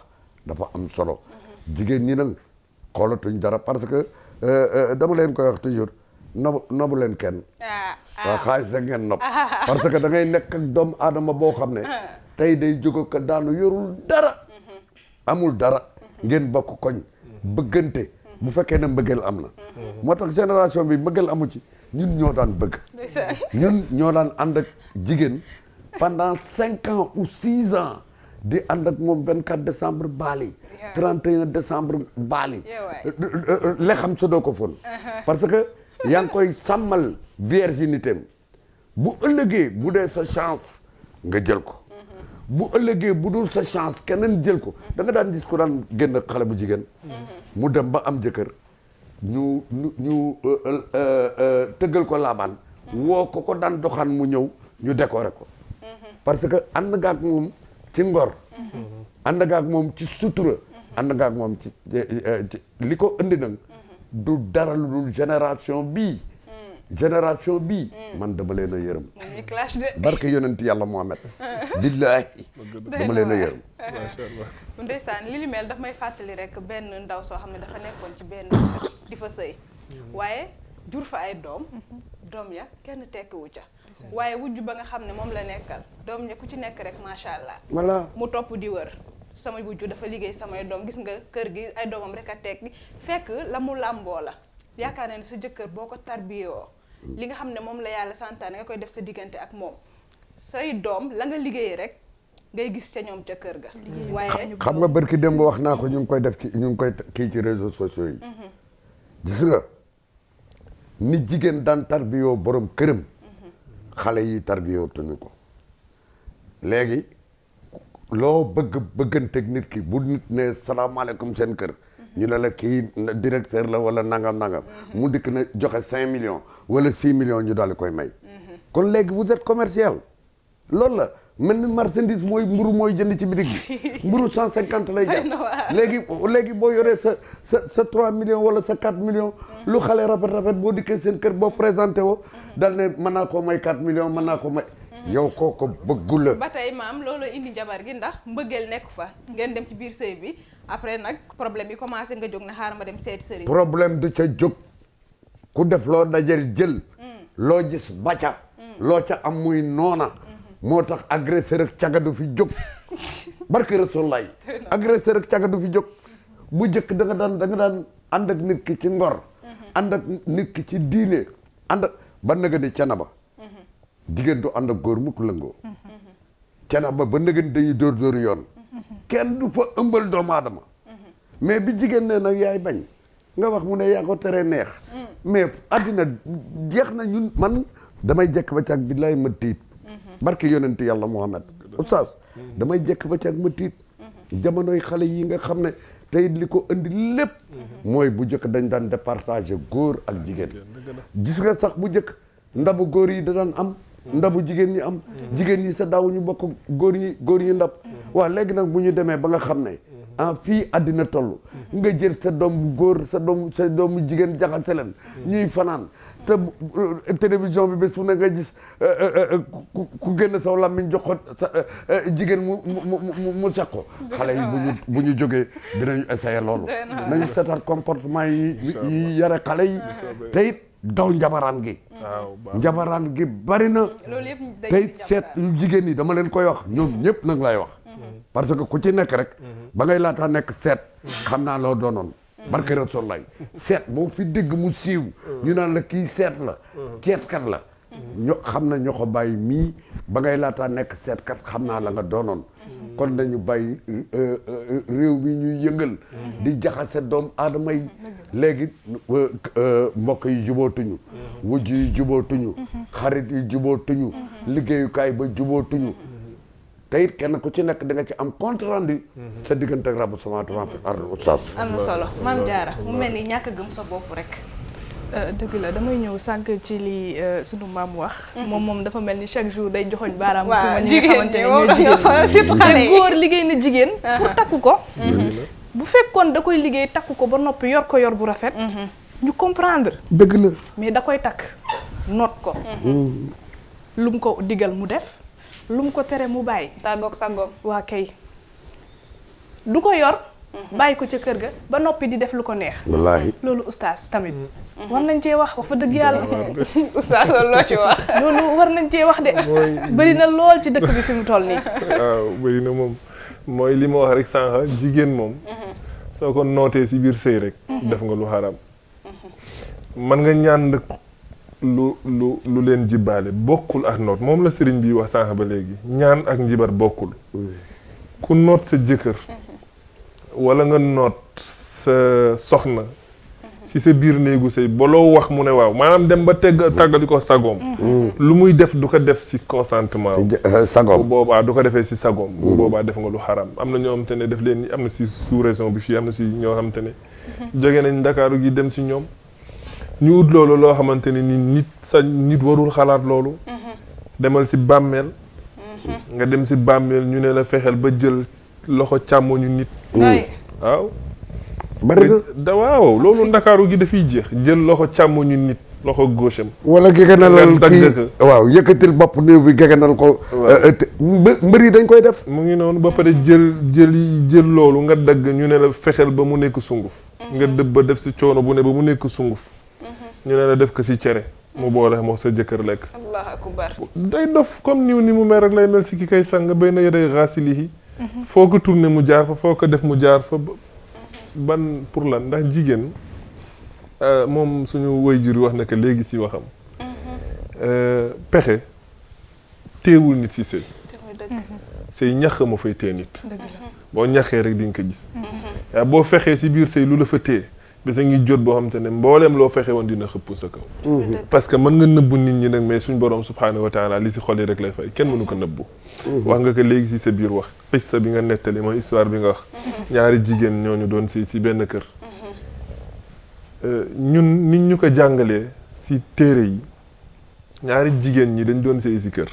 dafa am solo jigéen ñi nag xoolatuñ dara parce que euh, euh, dama leen koy wax toujours nobu nobu leen kenn ah, waaw ah. xaalis da ngeen nopp parce que da ngay nekk ak doomu aadama boo xam ne tey day jóg ko daan yorul dara mm-hmm. amul dara ngeen bokk koñ bëggante bu fekkee ne mbëggeel am na. moo génération bi mbëggeel amu ci ñun ñoo daan bëgg. ñun ñoo daan ànd ak jigéen pendant cinq ans ou six ans di ànd ak moom vingt quatre décembre baali. 31 décembre baali. Euh, euh, euh, le xam sa doo ko fon uh-huh. parce que yaa ngi koy sàmmal virginité bu ëllëgee bu dee sa chance nga jël ko. bu ëllëgee bu dul sa chance keneen jël ko da daan gis ko daan génn xale bu jigéen mu dem ba am jëkkër ñu ñu ñu euh, euh, euh, tëggal ko laabaan woo ko ko daan doxaan mu ñëw ñu décorer ko parce que ànd nga ak ci ngor ànd nga ak moom ci sutura ànd nga ak moom ci li ko indi nag du dara lu dul génération bii génération bii. Hmm. man dama leen a yërëm. barke yonent yàlla Muhammad. billaahi dama leen a yërëm. macha allah. ndeysaan li li daf may fàttali rek benn ndaw soo xam ne dafa nekkoon ci benn di fa sëy. waaye jur fa ay doom. doom ya kenn tekkiwu ca. waaye wujj ba nga xam ne moom la nekkal. doom ya ku ci nekk rek macha allah. voilà mu topp di wër. sama wujju dafa liggéey samay doom gis nga kër gi ay doomam rek a tekki fekk la mu làmboo la yaakaar ne sa jëkkër boo ko tarbiyoo li nga xam ne moom la yàlla santaane nga koy def sa diggante ak moom say doom la nga liggéey rek ngay gis ca ñoom ca kër ga. waaye xam nga barki démb wax naa ko ñu ngi koy def ci ñu ngi koy kii ci réseau sociaux yi. Mhm. gis nga ni jigéen daan tarbiyoo boroom këram. Mhm. xale yi tarbiyoo tuñu ko. léegi loo bëgg bëgganteeg nit ki bu nit ne salaamaaleykum seen kër. ñu ne la kii directeur la wala nangam nangam mhm. mu dikk na joxe cinq millions wala six millions ñu daal koy may mhm. kon léegi vous êtes commercial loolu la mel ni marchandise mooy mburu mooy jënd ci bitig bi mburu cent cinquante lay jar léegi léegi boo yoree sa sa sa trois millions wala sa quatre millions mhm. lu xale rafet rafet boo dikkee seen kër boo présenté wo dal ne mën naa koo may quatre millions mën naa ko may yow kooku bëggu la ba tey maam loolu indi jabar gi ndax mbëggeel nekk fa ngeen dem ci biir sëy bi après nag problème yi commencé nga jóg na xaaral ma dem seeti sëriñ. problème du ca jóg ku def loo dajal jël. Hmm. loo gis baca hmm. loo ca am muy noona. Hmm. moo tax agresseur ak caga du fi jóg barke Rasulullah agresseur ak caga du fi jóg bu njëkk danga nga daan da daan ànd ak nit ki ci ngor. ànd ak nit ki ci diine ànd ba naga ni cana ba. jigéen du ànd ak góor mukk lëngoo. cana ba ba naga ni dañuy dóor dóor yoon. kenn du fa ëmbal doomu aadama mais bi jigéen ne nag yaay bañ nga wax mu ne yaa tere neex mais addina jeex na ñun man damay jekk ba caag billaay ma tiit barke yonent yàlla Muhammad oustaz damay jekk ba caag ma tiit jamonoy xale yii nga xam ne tey li ko indi lépp mooy bu njëkk dañ daan départager góor ak jigéen gis nga sax bu njëkk ndabu góor yi da am ndabu jigéen ñi am jigéen ñi sa daaw ñu bokk góor ñi góor ñi ndab waa léegi nag bu ñu demee ba nga xam ne ah fii àddina toll nga jël sa doom bu góor sa doom sa doomu jigéen jaxase selen ñuy fanaan te euh, bi bés bu ne nga gis euh, euh, ku génn saw làmmiñ jox ko sa jigéen mu mu mu mu seq ko xale yi bu ñu bu ñu jógee dinañu loolu nañu seetaat comportement yi yi yare xale yi te daw njabaraan gi. njabaraan gi bari na. loolu yëpp seet jigéen ñi dama leen koy wax ñoom ñëpp nag lay wax. Mhm. Mhm. parce que ku ci nekk rek. Mhm. ba ngay laataa nekk seet. xam naa loo doonoon. barke Rasulullah seet boo fi dégg mu siiw. ñu naan la kii seet la. seetkat la. ño xam na ñoo ko bàyyi mii ba ngay laataa nekk seet seetkat xam naa la nga doonoon. kon nañu bàyyi euh, euh, euh, réew mi ñuy yëngal. Mm-hmm. di jaxase doom aadama yi. Mm-hmm. léegi mbokk yi jubootuñu. Mm-hmm. wujj yi jubootuñu. xarit yi jubootuñu. liggéeyukaay ba jubootuñu. te it kenn ku ci nekk da nga ci am compte rendu. sa diggante ak rabu semence de renfort. am na solo maam Diarra mu mel ni ñàkk gëm sa bopp rek. Euh, dëgg la damay ñëw sànq ci li euh, sunu maam wax. Mm-hmm. moom moom dafa mel ni chaque jour day joxoñ baaraam. waaw jigéen ñi moom la ñu surtout liggéey na jigéen. pour uh-huh. takku ko. Mm-hmm. bu fekkoon da koy liggéey takku ko ba noppi yor ko yor bu rafet. Mm-hmm. ñu comprendre. dëgg la mais da koy takk noot ko. lu ko digal mu def. lum ko tere mu bàyyi. tàggoog sàggoog. waa kay du ko yor. bàyyi ko ca kër ga ba noppi di def lu ko neex. wallaahi loolu oustaz tamit. Mm. war nañ cee wax wax fa dëgg yàlla. oustaz loolu wax. loolu war nañ cee wax de. bëri lool ci dëkk bi fi mu toll nii. waaw bëri moom mooy li ma wax rek sànq jigéen moom. Mm-hmm. soo ko nootee si biir sëy rek. Mm-hmm. def nga lu xaram. man mm-hmm. nga ñaan nag lu lu leen jibbaale bokkul ak noot moom la sëriñ bi wax sànq ba léegi ñaan ak njibar bokkul. Mm. ku noot sa jëkkër. wala nga noot sa soxna si sa biir néegu sëy ba wax mu ne waaw maanaam dem ba tegg tàggali ko sagoom mm-hmm. lu muy def du ko def si consentement eh, sagoom boobaa du ko defee si sagoom mm-hmm. boobaa def nga lu xaram am na ñoo xam ne def leen am na si sous région bi fii am na si ñoo xam ne mm-hmm. jóge nañ ndakaaru gi dem si ñoom ñu ut loolu loo xamante ne ni nit sa nit warul xalaat loolu demal si bàmmeel nga dem si bàmmeel ñu ne la fexeel ba jël loxo càmmoñu nit. waaw. bari na da waaw loolu ndakaaru gi dafiy jeex jël loxo càmmoñu nit loxo gauche am. wala gegenalal kii waaw yëkkatil bopp néew bi gegenal ko. Euh, mbër yi dañ koy def. mu ngi ne noonu ba pare jël jël jël loolu nga dagg ñu ne la fexeel ba mu nekk sunguf. Mhm. nga dëb ba def si coono bu ne ba mu nekk sunguf. Mhm. ñu ne la def ko si cere. mu boole moo sa jëkkër lekk. allah akbar. day dof comme niw ni mu mel rek lay mel si ki kay sang béy na yéenay raasilihi. foo ko tourné mu jaar fa foo ko def mu jaar fa ban pour lan ndax jigéen euh, moom suñu waajur wax na léegi si waxam euh, pexe teewul nit ci sëy sëy ñax ma fay tee nit boo ñaxee rek di nga ko gis mhm. waaye boo fexee ci biir sëy lu la fa bisa ngi jot boo xam te ne mbooleem loo fexe woon dina xëpp sa kaw mhm. parce que mën nga nëbbu nit ñi nag mais suñ borom subhaanahu wa taala li ci xol yi rek lay fay kenn mënu ko nëbbu Mm-hmm. wax nga ko léegi si sa biir wax xissa bi nga nettali mooy histoire bi nga wax mm-hmm. ñaari jigéen ñoo ñu doon si si benn kër mm-hmm. euh, ñun nit ñu ko jàngalee si téere yi ñaari jigéen ñi dañ doon sëy si kër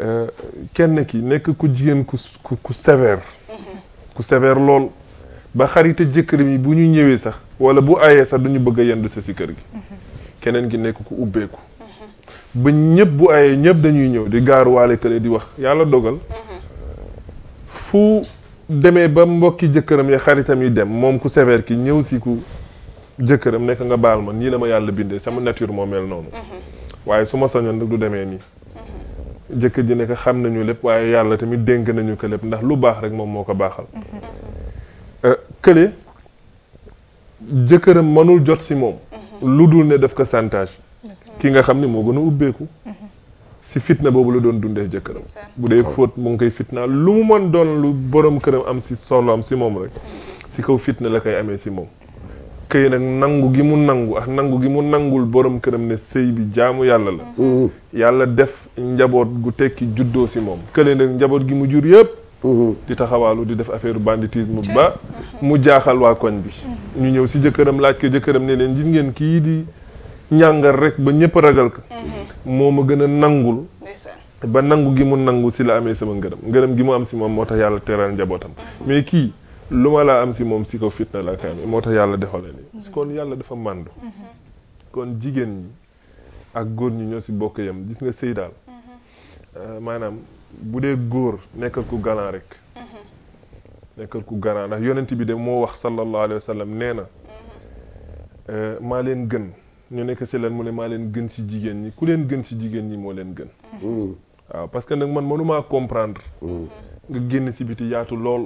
euh, kenn ki nekk ku jigéen ku ku sévère ku sévère lool ba xarite jëkkër yi bu ñu ñëwee sax wala bu ayee sax duñu bëgg a yendu sa si kër gi keneen ki nekk ku ubbeeku ba ñëpp bu ay ñëpp dañuy ñëw di gaaruwaale kële di wax yàlla dogal fu demee ba mbokki jëkkëram ya xaritam yi dem moom ku sévère ki ñëw si ku jëkkëram nekk nga baal ma nii la ma yàlla bindee sama nature moo mel noonu waaye su ma sañoon nag du demee nii jëkkër ji nekk xam nañu lépp waaye yàlla tamit dénk nañu ko lépp ndax lu baax rek moom moo ko baaxal euh, kële jëkkëram mënul jot si moom lu dul ne daf ko santage ki nga xam ni moo gën a ubbeeku si fitna boobu la doon dundee jëkkëram bu dee fóot mu ngi koy fitna lu mu mën doon lu boroom këram am si solo am si moom rek si kaw fitna la koy amee si moom këy nag nangu gi mu nangu ak nangu gi mu nangul borom këram ne sëy jaamu yàlla la mm-hmm. Mm-hmm. yàlla def njaboot gu tekki juddoo si moom kële nag njaboot gi mu jur yëpp mm-hmm. di taxawaalu di def affaire banditisme ba mu jaaxal waa koñ bi ñu ñëw si jëkkëram laaj ko jëkkëram ne leen gis ngeen kii di njàngal rek ba ñëpp ragal ko. Mhm. moo ma gën a nangul. ba nangu gi mu nangu si la amee sama ngërëm ngërëm gi mu am si moom moo tax yàlla teral njabootam. Mhm. mais kii lu ma laa am si moom si ko fitna la kaame moo yàlla defalee nii. Mhm. kon yàlla dafa màndu. kon jigéen ak góor ñi ñoo si bokk yam gis nga sëy daal. Euh, maanaam bu dee góor nekkal ku galant rek. nekkal ku galant ndax yonent bi de moo wax sallallahu alayhi wa sallam nee na euh, maa leen gën. ñu nekk si leen mu ne maa leen gën si jigéen ñi ku leen gën si jigéen ñi moo leen gën mm. Mm. waaw parce que nag man mënumaa comprendre mm. nga génn si biti yaatu lool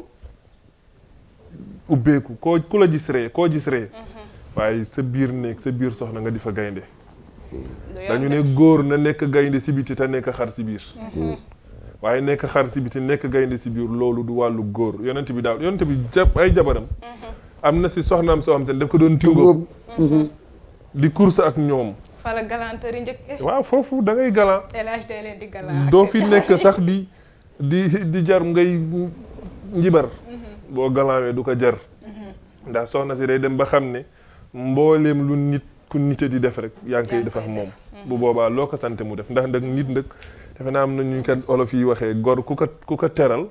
ubbeeku koo ku la gis ree koo gis ree mm-hmm. waaye sa biir néeg sa biir soxna nga di fa gaynde dañu ne góor na nekk gaynde si biti te nekk xar si biir mm-hmm. waaye nekk xar si biti nekk gaynde si biir loolu du wàllu góor yonent bi daal yonent bi jab ay jabaram mm-hmm. am na si soxnaam soo xam te daf ko doon tingóob di course ak ñoom. fala galanterie njëkk. waaw foofu da ngay galant. LHD doo fi nekk sax di di di jar ngay njibar. Mhm. boo galantwee du ko jar. Mhm. ndax soxna si day dem ba xam ne mbooleem lu nit ku nite di def rek yaa ngi koy def moom. Mhm. bu boobaa loo ko sant mu def ndax nag nit nag defe naa am na ñu kat olof yi waxee gor ku ko ku ko teral.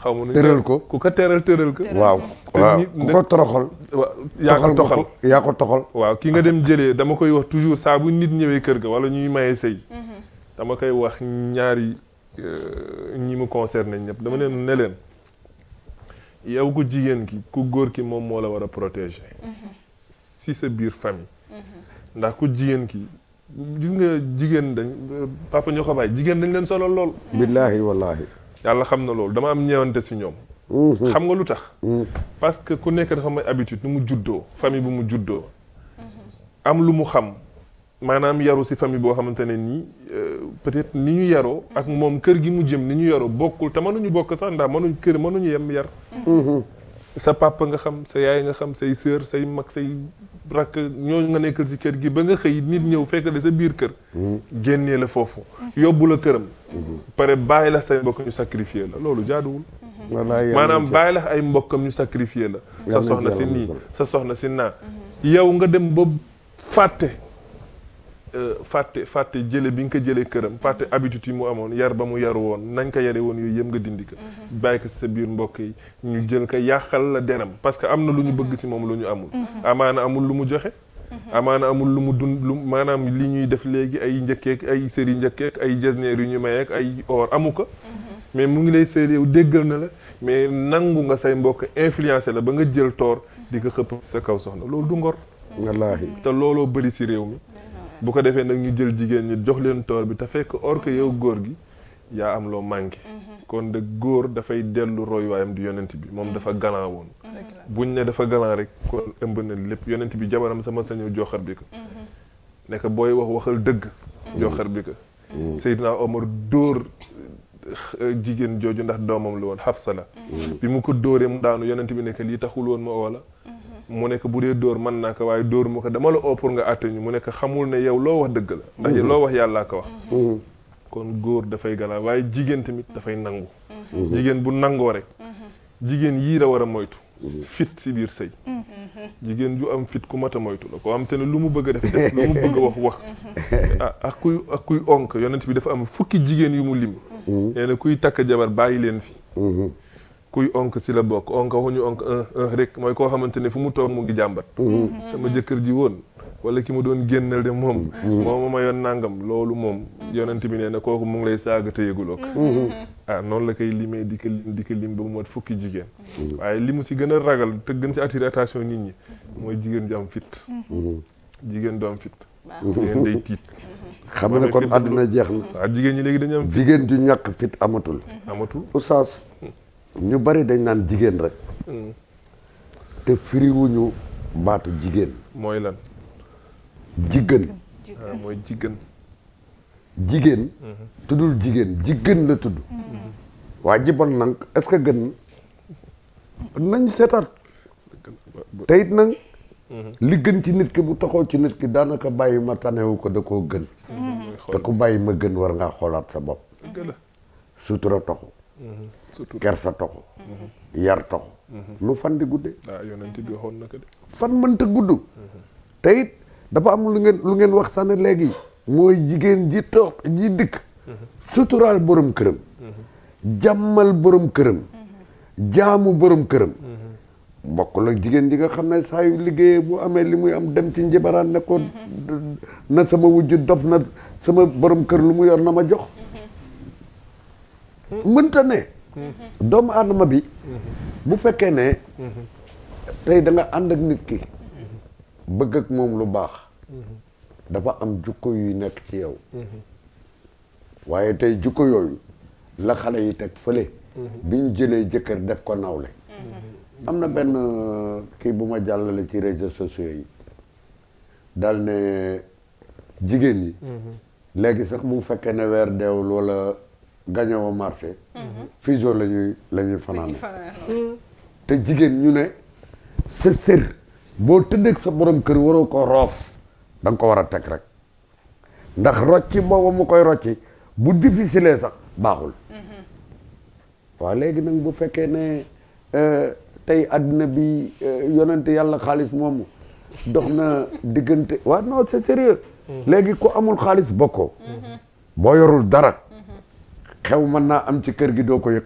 xaw ma nu tëral ko ku ko tëral tëral ko. waaw waaw ku ko toroxal. yaa ko toxal yaa ko toxal. waaw ki nga dem jëlee dama koy wax toujours saa bu nit ñëwee kër ga wala ñuy maye sëy. Mhm. dama koy wax ñaari euh, ñi mu concerné ñëpp dama leen ne leen yow ku jigéen ki ku góor ki moom moo la war a protéger. Mhm. si sa biir famille. Mhm. ndax ku jigéen ki gis nga jigéen dañ euh, papa ñoo ko bàyyi jigéen dañ leen solo lool. billaahi wallaahi. yàlla xam na loolu dama am ñeewante si ñoom. Mhm. xam nga lu tax. Mhm. parce que ku nekk dafa may habitude nu mu juddoo famille bu mu juddoo. Mhm. am lu mu xam maanaam yaru si famille boo xamante ne nii euh, peut-être ni ñu yaroo ak moom kër gi mu jëm ni ñu yaroo bokkul te mënuñu bokk sax ndax mënuñ kër mënuñu yem yar. sa papa nga xam sa yaay nga xam say sœur say mag say rakk ñooñu nga nekkal si kër gi ba nga xëy nit ñëw fekk la sa biir kër. Hmm. génnee la foofu. yóbbu la këram. Hmm. pare bàyyi la say mbokk ñu sacrifier la loolu jaaduwul. Hmm. maanaam bàyyi la ay mbokkam ñu sacrifier la. sa soxna si nii sa soxna si naa. yow nga dem ba fàtte. Euh, fàtte fàtte jële bi nga ko jëlee këram fàtte mm-hmm. habitude yi mu amoon yar ba mu yar woon nañ ko yare woon yooyu yëpp nga dindi ko mm-hmm. bàyyi ko sa biir mbokk yi ñu jël ko yàqal la deram parce que am na lu ñu bëgg si moom lu ñu amul mm-hmm. amaana amul lu mu joxe amaana amul lu mu dund lu maanaam li ñuy def léegi ay njëkkeek ay série njëkkeek ay jasneer yu ñu mayeek ay or amu ko mais mu ngi lay série yow déggal na la mais nangu nga say mbokk influencé la ba nga jël toor di ko xëpp sa kaw soxna loolu du ngor wallaahi te looloo bëri si réew mi bu ko defee nag ñu jël jigéen ñi jox leen toor bi te fekk or que yow góor gi yaa am loo manqué. Mhm. kon de góor dafay dellu royuwaayam di yonent bi moom dafa mhm. galant woon. Mhm. buñ ne dafa galant rek kon ëmb na lépp yonent bi jabaram sama sañu joxar bi ko. ne ko booy wax waxal dëgg. joxar bi ko. Seydina Omar dóor euh, jigéen jooju ndax doomam la woon Hafsa la. bi mu ko dóoree mu daanu yonent bi ne lii taxul woon ma wala. mu nekk bu dee dóor mën naa ko waaye dóor mu ko dama la oo pour nga àtte ñu mu nekk xamul ne yow loo wax dëgg la ndax loo wax yàllaa ko wax mm-hmm. kon góor dafay galaa waaye jigéen tamit dafay nangu mm-hmm. jigéen bu nangoo rek mm-hmm. jigéen yii la war a moytu fit si biir sëy jigéen ju am fit ku mat a moytu la koo am te lu mu bëgg a def def lu mu bëgg a wax wax ah, ak kuy onk yonent bi dafa am fukki jigéen yu mu lim nee kuy takk jabar bàyyi leen fi kuy onk si la bokk onk waxuñu onk un euh, un euh, rek mooy koo xamante ne fu mu toog mu ngi jàmbat mm-hmm. sama jëkkër ji woon wala ki mu doon génneel de moom mm-hmm. moom ma nangam loolu moom yonent bi nee na kooku mu ngi lay saaga te yëguloo mm-hmm. ah, la koy limee di ko di ko lim ba mu fukki jigéen waaye li mu si gën a ragal te gën si attirer attention nit ñi mooy jigéen ju am fit jigéen du am fit jigéen day tiit xam ne àdduna jeex na waaw jigéen ñi léegi dañu am fit jigéen ju ñàkk fit amatul amatul oustaz ñu bari dañ naan jigéen rek. Hmm. te firiwuñu baatu jigéen. mooy lan. jigéen. ah mooy jigéen. jigéen. Hmm. tuddul jigéen jigéen la tudd. Hmm. waa ji bon nag est-ce que gën nañ seetaat. te it nag. li gën ci nit ki bu taxaw ci nit ki daanaka bàyyi ma tanewu ko da ko gën. te ku bàyyi ma gën war ngaa xoolaat sa bopp. sutura taxu surtout kersa taxu. yar taxu. lu fan di guddee. waaw ah, yonent na ko fan mënta gudd. te dafa am lu ngeen lu ngeen waxtaane léegi. mooy jigéen ji toog ji dikk. suturaal borom këram. jàmmal borom këram. jaamu borom këram. bokkul ak jigéen ji nga xam ne saa yu liggéeyee bu amee li muy am dem ci njibaraan ne na sama wujju dof na sama borom kër lu mu yor na ma jox. mënta ne. doomu aadama bi. bu fekkee ne. tey da nga ànd ak nit ki. bëgg ak moom lu baax. dafa am jukko yuy nekk ci yow. waaye tey jukko yooyu la xale yi teg fële. bi ñu jëlee jëkkër def ko nawle. am na benn euh, kii bu ma jàllale ci réseaux sociaux yi dal ne jigéen yi. Mm-hmm. léegi sax bu fekkee ne weer deewul wala. gagné wo marché. Mhm. fii jour la ñuy la fanaan. Mm. te jigéen ñu ne sa sër boo tëddeeg sa borom kër waroo ko roof da nga ko war a teg rek ndax rocci boobu mu koy rocci bu difficile sax baaxul. Mhm. waaw léegi nag bu fekkee ne euh, tey àddina bi euh, yonente yàlla xaalis moomu dox na diggante waaw non c'est sérieux mm. léegi ko amul xaalis bokkoo mhm. boo yorul dara. xew mën naa am ci kër gi doo ko yëg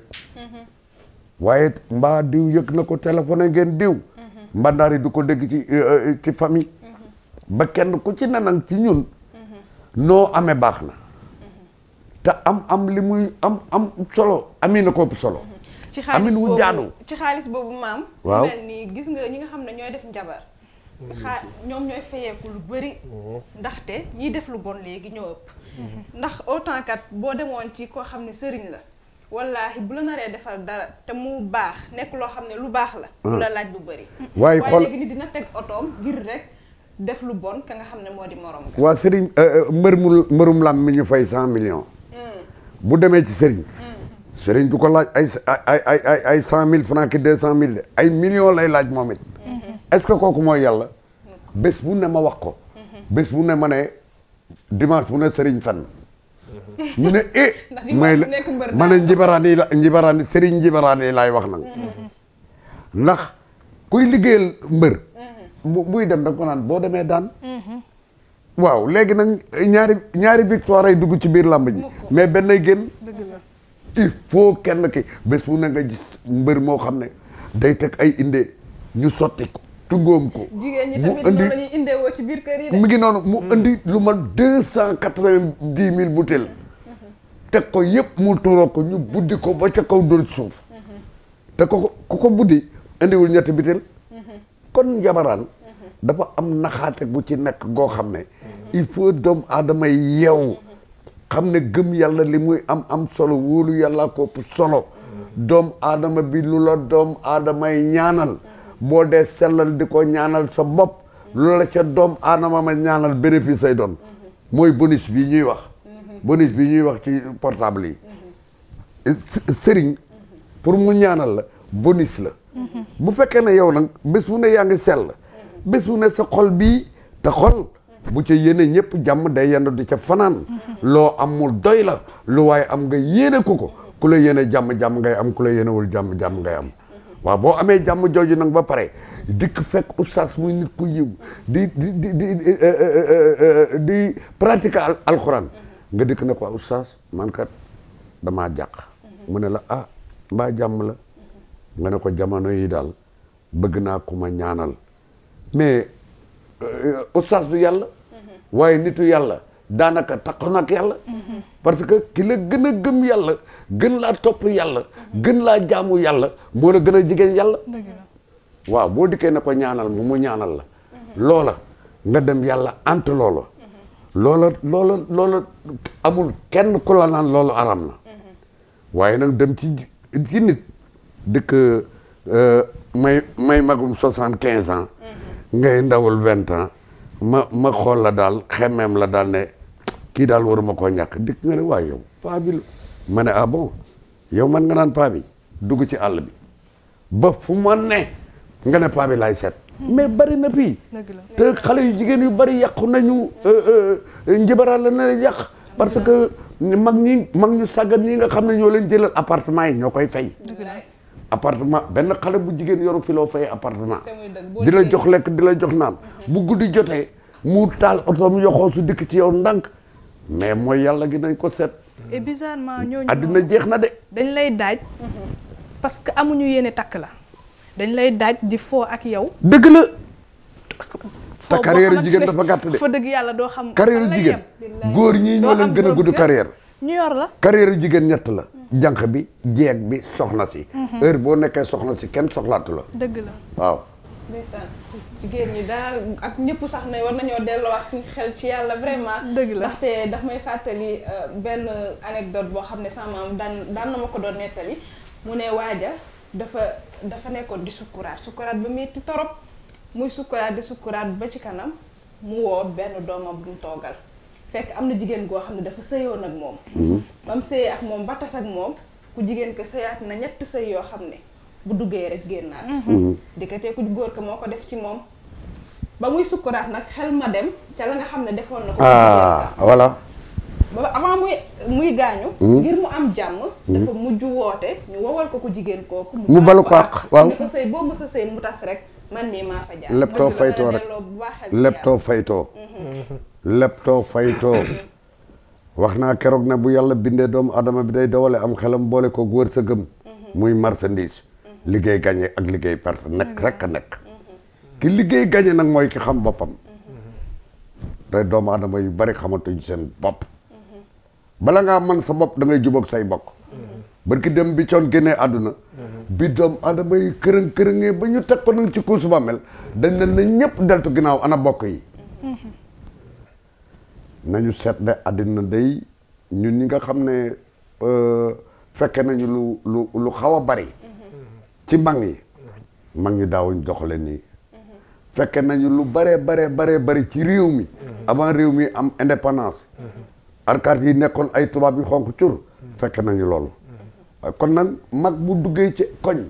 waaye mbaa diw yëg na ko téléphoné ngeen diw mbandaari du ko dégg ci euh, euh, ci famille ba kenn ku ci nenang ci ñun noo amee baax na te am am li muy am am solo ami na ko solo amin wu jaadu ci xaalis boobu maam waaw mel ni gis nga ñi nga xam ne ñooy def njabar xaa ñoom ñooy fayeeku lu bëri. Mhm. ndaxte ñiy def lu bon léegi ñoo ëpp. Mhm. ndax autant kat boo demoon ci koo xam ne sëriñ la. wallaahi bu la naree defal dara te mu baax nekk loo xam ne lu baax la. bu mhm. la laaj bu bëri. waaye xool léegi ni dina teg otoom ngir rek def lu bon ka nga xam ne moo di morom. waa sëriñ euh, euh, mbër mu mbërum lam mi ñu fay cent million bu demee ci sëriñ. sëriñ du ko laaj ay ay ay ay ay cent mille franc ki deux cent mille de ay millions lay laaj moom it. est-ce que kooku mooy yàlla bés bu ne ma wax ko bés bu ne ma ne dimanche bu ne sëriñ fenn ñu ne eh la ma ne njibaraani la sëriñ njibaraani laay wax nag ndax kuy liggéeyal mbër muy dem da ko naan boo demee daan waaw léegi nag ñaari ñaari victoire ay dugg ci biir làmb ji mais benn ay génn il faut kenn ki bés bu ne nga gis mbër moo xam ne day teg ay indee ñu sotti tuggoom ko. jigéen ñi ci biir mu ngi noonu mu indi lu mat deux cent quatre-vingt-dix mille bouteilles. teg ko yëpp mu tuuroo ko ñu buddi ko ba ca kaw dóor suuf. te ko ko buddi indiwul ñetti butéel. kon jabaraan. dafa am naxaate bu ci nekk goo xam ne. il faut doomu aadama yeewu. xam ne gëm yàlla li muy am am solo wóolu yàlla ko solo. doom aadama bi lu la doomu aadamay ñaanal. boo dee sellal di ko ñaanal sa bopp loolu la ca doom aadama ma ñaanal bénéfice lay doon mooy bonus bii ñuy wax bonus bi ñuy wax ci portable yi sëriñ pour mu ñaanal la bonus la bu fekkee ne yow nag bés bu ne yaa ngi sell bés bu ne sa xol bii te xol bu ca yéene ñëpp jàmm day yendu di ca fanaan loo amul doy la lu waaye am nga yéene ko ko ku la yéene jàmm jàmm ngay am ku la yéenewul jàmm jàmm ngay am waaw boo amee jàmm jooju nag ba pare dikk fek oustaz muy nit ku yiw di di di di di euh, euh, euh, pratiquer alxuraan nga dikk ne ko oustaz man kat damaa jàq mu ne la ah mbaa jàmm la nga ne ko jamono yi daal bëgg naa ku ma ñaanal mais oustaz du yàlla mhm. waaye nitu yàlla daanaka taxoon na ak yàlla. parce que ki la gën a gëm yàlla gën laa topp yàlla. gën laa jaamu yàlla moo la gën jigéen yàlla. boo dikkee ne ko ñaanal mu mu ñaanal la. loola nga dem yàlla ant loola. loola amul kenn ku la naan loolu aram na. waaye nag dem ci ci nit dëkk euh, may may magum soixante quinze ans. Mhm. ngay ndawul vingt ans. ma ma xool la daal xemmeem la daal ne kii daal waruma ko ñàkk dikk nga ne waaye yow paa bi ma ne ah bon yow man nga naan paa bi dugg ci àll bi ba fu ma ne nga ne paa bi laay seet mais bari na fii te xale yu jigéen yu bari yàqu nañu euh, euh, njëbaral la na yàq parce que mag ñi mag ñu sàggan ñi nga xam na ñoo leen jëlal appartement yi ñoo koy fay appartement benn xale bu jigéen yoru fi loo fay appartement di la jox lekk di la jox naan mm-hmm. bu guddi jotee mu taal otoom yoxoo su dikk ci yow ndànk mais mooy yàlla gi nañ ko set et bizarrement ñooñu jeex na de dañ lay daaj mm-hmm. parce que amuñu yéene takk la dañ lay daaj di foo ak yow dëgg la te carrière jigéen dafa gàtt de fa dëgg yàlla doo xam carrière jigéen góor ñii ñoo leen gën a gudd carrière ñu yor la carrière jigéen ñett la jànq bi jeeg bi soxna si. Mhm. heure boo nekkee soxna si kenn soxlaatu la. dëgg la waaw. ndeysaan jigéen ñi daal ak ñëpp sax ne war nañoo delloowaat suñu xel ci yàlla vraiment. dëgg la ndaxte daf may fàttali euh, benn anecdote boo xam ne sama daan daan na ma ko doon nettali mu ne waaja dafa dafa nekkoon di sukkuraat sukkuraat ba metti torop muy sukkuraat di sukkuraat ba ci kanam mu woo benn doomam bu mu toogal. fekk am na jigéen goo xam ne dafa sëyoon ak moom mhm. bam sëyee ak moom ba tas ak moom ku jigéen ko sëyaat na ñett sëy yoo xam ne bu duggee rek génnaat mhm. Mhm. dikkatee ku góor ko moo ko def ci moom ba muy sukkuraat nag xel ma dem ca la nga xam ne defoon na ko ah voilà ba avant muy muy gaañu ngir mu am jàmm dafa mujj woote ñu wowal ko ku jigéen kooku mu balu ko ak waaw ni ko sëy boo mësa sëy mu tas rek man mii maa fa jaar leptoo faytoo rek leptoo faytoo wax naa keroog ne bu yàlla bindee doomu adama bi day dawale am xelam boole ko wërsëgam muy marchandise liggéey gañe ak liggéey perte nekk mm-hmm. rek a nekk mm-hmm. ki liggéey gañe nag mooy ki xam boppam day doomu adama yu bari xamatuñ seen bopp bala ngaa man sa bopp da ngay say bokk mm-hmm. barki dem bi coon génnee àdduna bi doom adama yi kërëng kërëngee ba ñu teg ko nag ci kuusu mel dañ ne na ñëpp deltu ginnaaw ana bokk yi nañu seet ne àddina day ñun ñi nga xam ne euh, fekke nañu lu lu lu xaw a bari ci mag yi mag ñi daawuñ doxale nii fekke nañu lu bare bare bare bari ci réew mi avant réew mi am indépendance alkaat yi nekkoon ay tubaab yu xonq cur fekke nañu loolu kon nag mag bu duggee ci koñ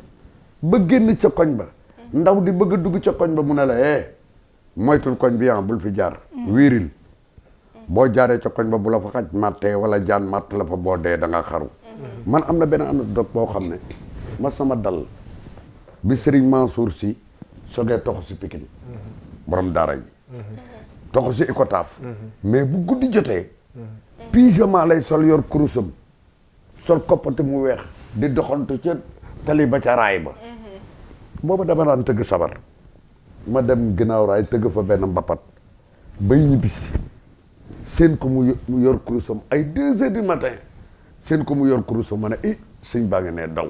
ba génn ca koñ ba ndaw di bëgg a dugg ca koñ ba mu ne la eh moytul koñ bi ah bul fi jaar mm. wiiril boo jaaree ca koñ ba bu la fa xaj màttee wala jaan màtt la fa boo dee da nga xaru man am na benn am na anecdote boo xam ne ma sama dal bi Serigne Mansour si sogee toxu si Pikine borom daara ji toxu si Icotaf mais bu guddi jotee pyjama lay sol yor kurusam sol koppati mu weex di doxantu ca tali ba ca raay ba booba dama daan tëgg sabar ma dem ginnaaw raay tëgg fa benn mbappat bay ñibbisi seen ko mu yor kurusam ay deux heures du seen ko mu yor kurusam ma na i eh, sëñ baa ngi ne daw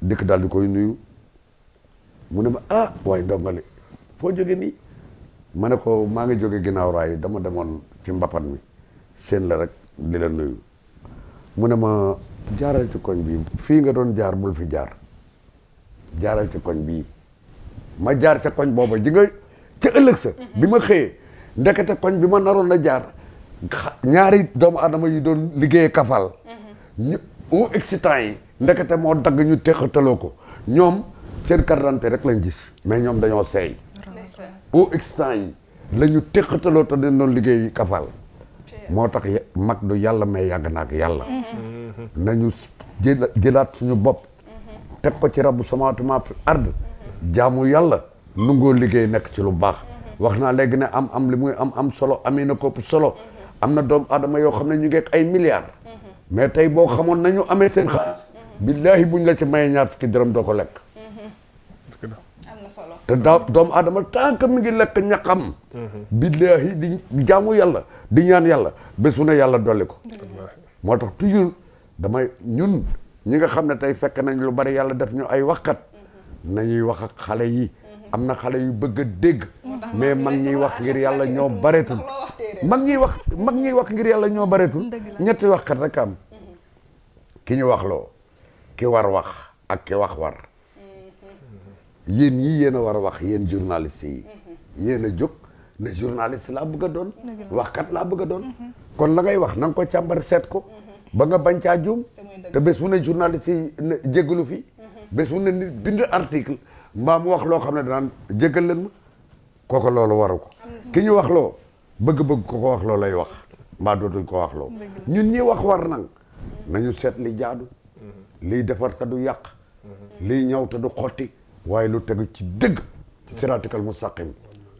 dikk daal di koy nuyu mu ne ma ah waaye ndongale foo jóge nii ma ne ko maa ngi jóge ginnaaw raay dama demoon ci mbapat mi seen la rek di la nuyu mu ne ma jaaral ci koñ bi fii nga doon jaar bul fi jaar jaaral ci koñ bi ma jaar ca koñ booba ji nga ca ëllëg sa bi ma xëyee ndekete koñ bi ma naroon na jaar ñaari doomu adama yi doon liggéey kafal ñu au yi ndekete moo dagg ñu teqataloo ko ñoom seen carte d'identité rek lañ gis mais ñoom dañoo seey au excitant yi la ñu teqataloo te dañ doon liggéey kafal moo tax mag du yàlla mais yàgg na ak yàlla mhm. Mhm. nañu jëla jëlaat suñu bopp mhm. teg ko ci rabu samaatuma fi ard jaamu yàlla nu liggéey nekk ci lu baax wax naa léegi ne am am li muy am am solo amee na ko solo am na doom aadama yoo xam ne ñu ngeek ay milliards mais tey boo xamoon nañu amee seen xaalis billaahi buñ la ci mayee ñaar fukki dërëm doo ko lekk te daa doomu aadama tant que mi ngi lekk ñaqam billaahi di jaamu yàlla di ñaan yàlla bés bu ne yàlla dolli ko moo tax toujours damay ñun ñi nga xam ne tey fekk nañ lu bari yàlla def ñu ay waxkat nañuy wax ak xale yi am na xale yu bëgg a dégg mais mag ñiy wax ngir yàlla ñoo bareetul mag ñiy wax mag ñiy wax ngir yàlla ñoo bareetul ñetti waxkat rek am ki ñu wax loo ki war wax ak ki wax war mm-hmm. yéen ñii yéen a war a wax yéen journaliste yi mm-hmm. yéen a jóg ne journaliste laa bëgg a doon waxkat laa bëgg a doon mm-hmm. kon la nga wax na nga ko càmbar seet ko ba nga bañ caa juum te bés bu ne journaliste yi jégalu fi bés bu na nit bind article mbaa mu wax loo xam ne danaan jéggal ma kooku loolu waru ko ki ñu wax loo bëgg-bëgg ko ko wax loo lay wax mbaa dootuñ ko wax loo ñun ñi wax war na mm-hmm. nañu seet li jaadu mm-hmm. liy defar te du yàq mm-hmm. li ñaw ta du xotti waaye lu tegu ci dëgg ci siraatikal mustaqim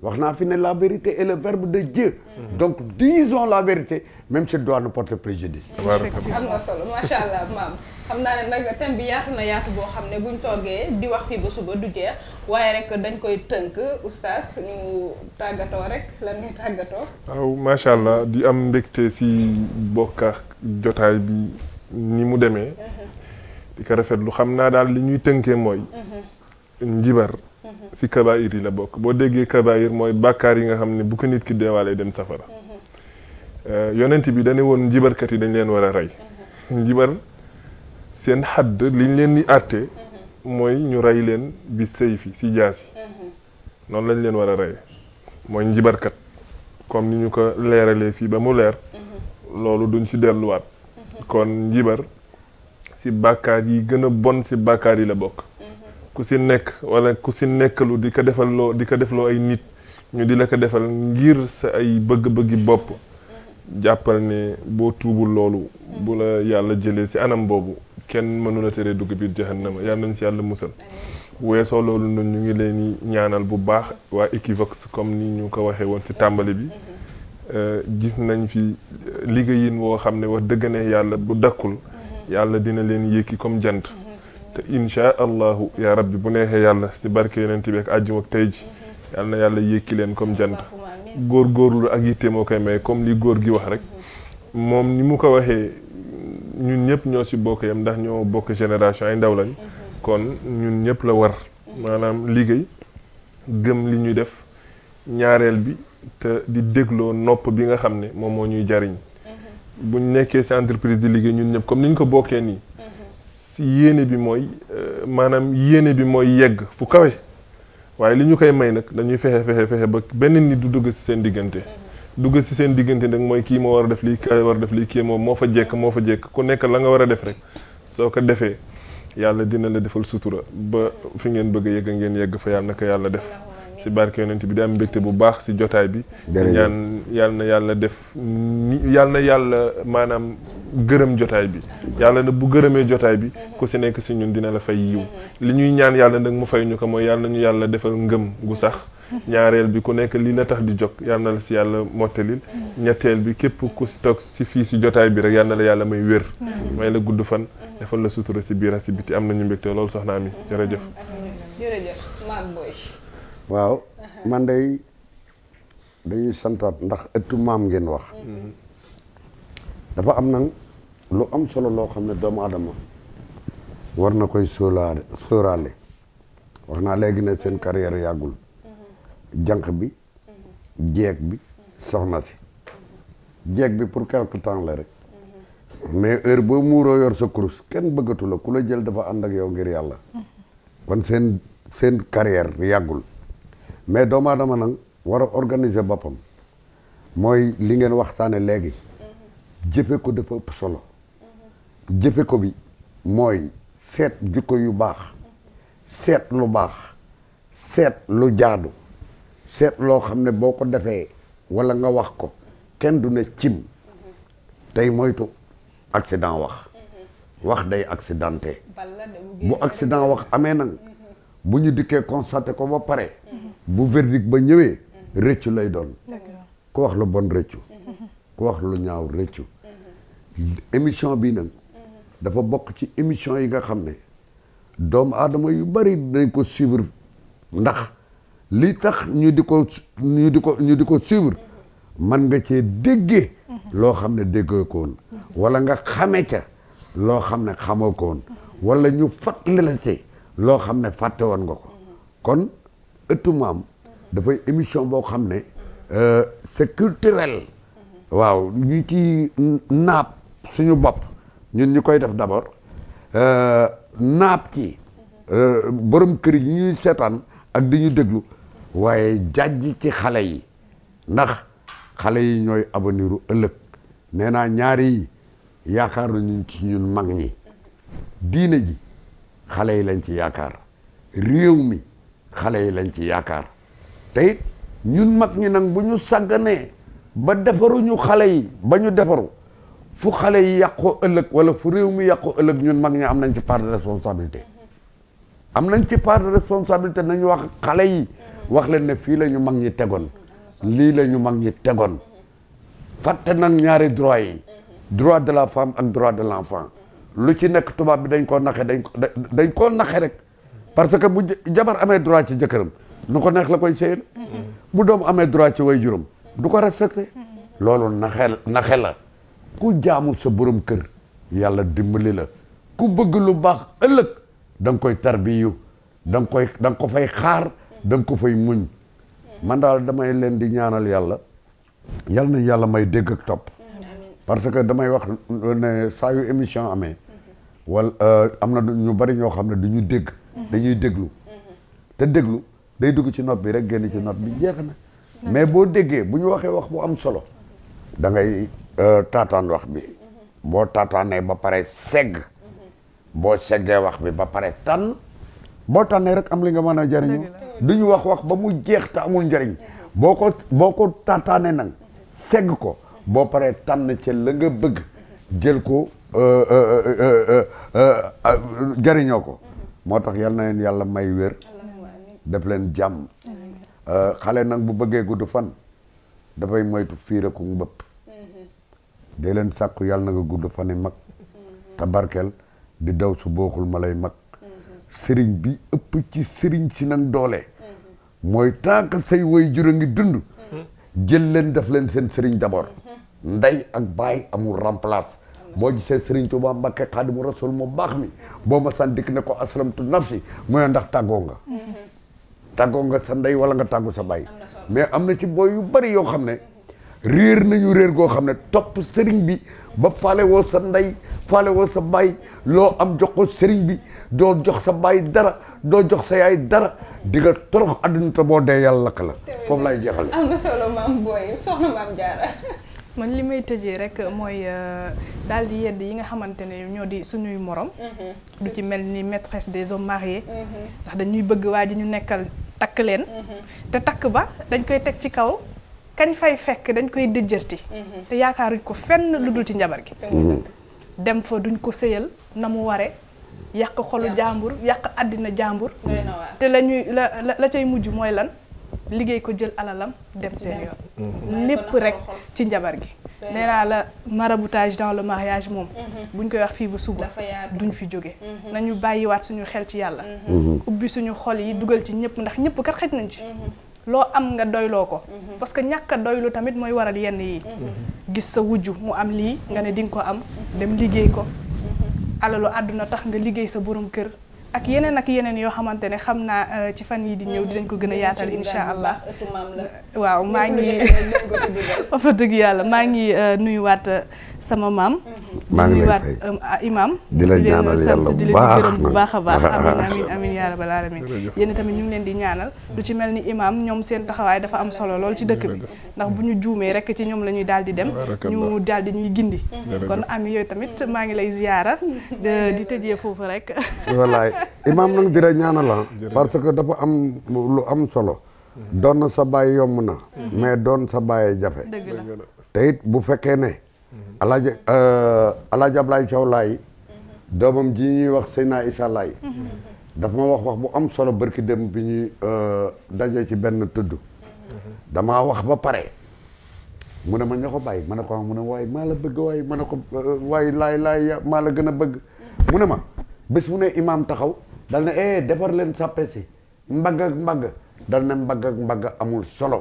wax naa fi ne la vérité est le verbe de Dieu. donc disons la vérité même si doit nous porter préjudice. am allah maam. xam naa ne nag bi yaatu na yaatu boo xam ne buñ toogee di wax fii ba suba du jeex waaye rek dañ koy tënk oustaz ñu tàggatoo rek lan tàggatoo. waaw macha allah di am mbégte ci bokk ak jotaay bi ni mu demee. Mhm. di ko rafetlu xam naa daal li ñuy tënkee mooy. Mhm. njibar. Mhm. si kabaayir yi la bokk boo déggee kabaayir mooy bàkkaar yi nga xam ne bu ko nit ki deewaalee dem safara. Euh, yonent bi dañu woon njibarkat yi dañ leen war a rey. njibar. seen xadd liñ leen di àtte mhm. mooy ñu rey leen bi sëy fi si jaas yi mhm. noonu lañ leen war a rey mooy njibarkat comme ni ñu ko leeralee fii ba mu leer mhm. loolu duñ ci delluwaat kon njibar si bàkkaar yi gën a bon si bàkkaar yi la bokk ku si nekk wala ku si nekkalu di ko defal loo di ko defloo ay nit ñu di la ko defal ngir sa ay bëgg-bëggi bopp jàppal ne boo tuubul loolu bu la yàlla jëlee si anam boobu kenn mënu la tere dugg biir jahannama yàlla nañ si yàlla musal weesoo loolu noonu ñu ngi leen di ñaanal bu baax waa Equivox comme ni ñu ko waxee woon si tàmbali bi euh, gis nañ fi liggéeyin woo xam ne wax dëgg ne yàlla bu dakkul yàlla dina leen yékki comme jant te inchaa allahu yaa rabbi bu neexee yàlla si barke yonent bi ak àjjuma ak tey ji yàlla na yàlla yékki leen comme jant góor góorlu ak yitte moo koy may comme li góor gi wax rek moom ni mu ko waxee ñun ñëpp ñoo si bokk yam ndax ñoo bokk génération ay ndaw lañ mhm. kon ñun ñëpp la war mhm. maanaam liggéey gëm li ñuy def ñaareel bi te di dégloo nopp bi nga xam ne moom moo ñuy jariñ mhm. buñ nekkee si entreprise di liggéey ñun ñëpp comme ni ñu ko bokkee nii si yéene bi mooy euh, maanaam yéene bi mooy yegg fu kawe waaye li ñu koy may nag dañuy fexe fexe fexe ba benn nit du dugg si seen diggante dugg si seen diggante nag mooy kii moo war a def lii kii war a def lii kii moom moo fa jekk moo fa jekk ku nekk la nga war a def rek soo ko defee yàlla dina la defal sutura ba fi ngeen bëgg a ngeen yegg fa yàlla na ko yàlla def si barke yonent bi di am bu baax si jotaay bi ñaan yàlla na yàlla def ni yàlla na yàlla maanaam gërëm jotaay bi yàlla na bu gërëmee jotaay bi ku si nekk si ñun dina la fay yiw li ñuy ñaan yàlla nag mu fay ñu ko mooy yàlla na ñu yàlla defal ngëm gu sax ñaareel bi ku nekk lii la tax di jóg yal na la si yàlla mottalil mm-hmm. ñetteel bi képp ku si si fii si jotaay bi rek yal la yàlla may wér mm-hmm. may la gudd fan defal la sutura si biir ak si biti am nañu mbégte loolu soxnaa mi jërëjëf jërëjëf waaw man day dañuy santaat ndax ëttu maam ngeen wax mm-hmm. dafa am nag lu am solo loo xam ne doomu aadama war na koy sóoraale sóoraale wax naa léegi ne seen carrière yàggul janq bi mm-hmm. jeeg bi soxna si mm-hmm. jeeg bi pour quelque temps la rek mm-hmm. mais heure boo muuroo yor sa kurus kenn bëggatu la ku la jël dafa ànd ak yow ngir yàlla kon seen seen carrière yàggul mais doomu aadama nag war a organiser boppam mooy li ngeen waxtaane léegi jëfe ko dafa ëpp solo jëfe ko bi mooy seet jikko yu baax seet lu baax seet lu jaadu seet loo xam ne boo ko defee wala nga wax ko kenn du ne cim tey moytu accident wax wax day accidenté bu accident wax amee nag bu ñu dikkee constaté ko ba pare bu verdict ba ñëwee rëccu lay doon ku wax lu bon rëccu ku wax lu ñaaw rëccu émission bii nag dafa bokk ci émission yi nga xam ne doomu aadama yu bari dañ ko suivre ndax li tax ñu di ko ñu di ko ñu di ko suivre man nga cee déggee loo xam ne déggee ko woon wala nga xame ca loo xam ne xamoo ko woon wala ñu fàttali la ci loo xam ne fàtte woon nga ko kon ëttu maam dafay émission boo xam ne euh, c'est culturel waaw ñu ci naab suñu bopp ñun ñu koy def d'abord euh, naab ci euh, borom kër yi ñuy seetaan ak di ñu déglu waaye jàjj ci xale yi ndax xale yi ñooy aveniru ëllëg nee naa ñaari yi yaakaar nañu ci ñun mag ñi diine ji xale yi lañ ci yaakaar réew mi xale yi lañ ci yaakaar te it ñun mag ñi nag bu ñu sàgganee ba defaruñu xale yi ba ñu defaru fu xale yi yàqoo ëllëg wala fu réew mi yàqoo ëllëg ñun mag ñi am nañ ci part de am nañ ci part de responsabilité nañu wax xale yi wax leen ne fii la ñu mag ñi tegoon lii la ñu mag ñi tegoon fàtte nan ñaari droit yi droit de la femme ak droit de l'enfant lu ci nekk tubaab bi dañ koo naxe dañ dañ koo naxe rek parce que bu jabar amee droit ci jëkkëram nu ko neex la koy sëyal bu doom amee droit ci way juróom du ko respecté loolu naxe naxe la ku jaamu sa borom kër yàlla dimbali la ku bëgg lu baax ëllëg da nga koy tarbiyu da nga koy da nga ko fay xaar da nga ko fay muñ man daal damay leen di ñaanal yàlla yàlla nañ yàlla may dégg ak topp parce que damay wax ne saa yu émission amee wala euh, am na ñu bari ñoo xam ne du ñu dégg dañuy déglu te déglu day dugg ci nopp bi rek génn ci nopp bi jeex na mais boo déggee bu ñu waxee wax bu am solo da ngay euh, taataan wax bi boo taataanee ba pare segg boo seggee wax bi ba pare tànn boo tànnee rek am li nga mën a jariñu duñu wax wax ba mu jeex te amul njariñ boo ko boo ko tataane nag segg ko boo paree tànn ca la nga bëgg jël ko euh, euh, euh, jariñoo ko moo tax yal na leen yàlla may wér def leen jàmm xale nag bu bëggee gudd fan dafay moytu fiire ku mbëpp dee leen sàkku yàlla na nga gudd fan yi mag te barkel di daw su booxul ma lay mag sëriñ bi ëpp ci sëriñ si nag doole. mooy tant que say way jur ngi dund. jël leen def leen seen sëriñ d'abord. nday ak baay amul remplace. boo gisee Serigne Touba Mbakke Xaadimu Rasul mu baax mi boo ma san dikk ne ko aslamtu nafsi mooy ndax tàggoo nga. tàggoo nga sa ndey wala nga tàggu sa baay. mais am na ci booy yu bari yoo xam ne. réer nañu réer goo xam ne topp Serigne bi ba faale woo sa ndey faale woo sa baay loo am jox ko sëriñ bi doo jox sa baay dara doo jox sa yaay dara di nga torox àdduna te boo dee yàlla lakk la foofu laay jeexale am man li may tëjee rek mooy euh, daal di yedd yi nga xamante ne ñoo di suñuy morom. Mm-hmm. du ci mel ni maîtresse des hommes mariés. Mm-hmm. ndax dañuy bëgg waa ji ñu nekkal takk leen. Mm-hmm. te takk ba dañ koy teg ci kaw kañ fay fekk dañ koy dëjërti. te yaakaaruñ ko fenn lu dul ci njabar gi. dem fa duñ ko sëyal na mu ware yàq xolu jàmbur yàq àddina jàmbur te la ñuy la la cay mujj mooy lan liggéey ko jël alalam dem seen yoon mhm. lépp rek ci njabar gi nee naa la maraboutage dans le mariage moom mhm. buñ koy wax fii ba suba duñ fi jóge mhm. nañu bàyyiwaat suñu xel ci yàlla ubbi suñu xol yi dugal ci ñëpp ndax ñëpp kat xaj nañ ci loo am nga doyloo ko mhm. parce que ñàkk a doylu tamit mooy waral yenn yi mhm. gis sa wujju mu am lii nga ne di nga ko am mhm. dem liggéey ko alalu àdduna tax nga liggéey sa borom kër ak yeneen ak yeneen yoo xamante ne xam naa euh, ci fan yi di ñëw di dinañ ko gën a yaatal insha allah waaw maa ngi fa dëgg yàlla maa ngi euh, nuyuwaat euh, sama maam. maa ngi lay fay um, ah, imam di la ñaanal yàlla bu baax di leen baax a baax. amiin amiin yaa rabbal aalamiin yéen tamit ñu ngi leen di ñaanal. lu ci mel ni imam ñoom seen taxawaay dafa am solo lool ci dëkk bi ndax bu ñu juumee rek ci ñoom la ñuy daal di dem. ñu daal di ñuy gindi. kon ami yooyu tamit maa ngi lay ziyaara di tëjee foofu rek. wallaay imam nag di la ñaanal parce que dafa am lu am solo. Mhm. doon sa baay yomb na. Mhm. mais doon sa baay jafe. te bu fekkee ne. alaaji euh, alaaji Ablaye Thiaw Laay doomam ji ñuy wax Seyna Issa Laay dafa ma wax wax bu am solo barki dem bi ñuy euh, daje ci benn tudd dama wax ba pare mu ne ma ña ko bàyyi ma ne ko mu ne waaye maa la bëgg waaye ma ko euh, waaye laay laay maa la gën a bëgg mu ma bés mu ne imaam taxaw dal ne eh defar leen sàppe si mbagg ak dal na mbagg ak mbagg amul solo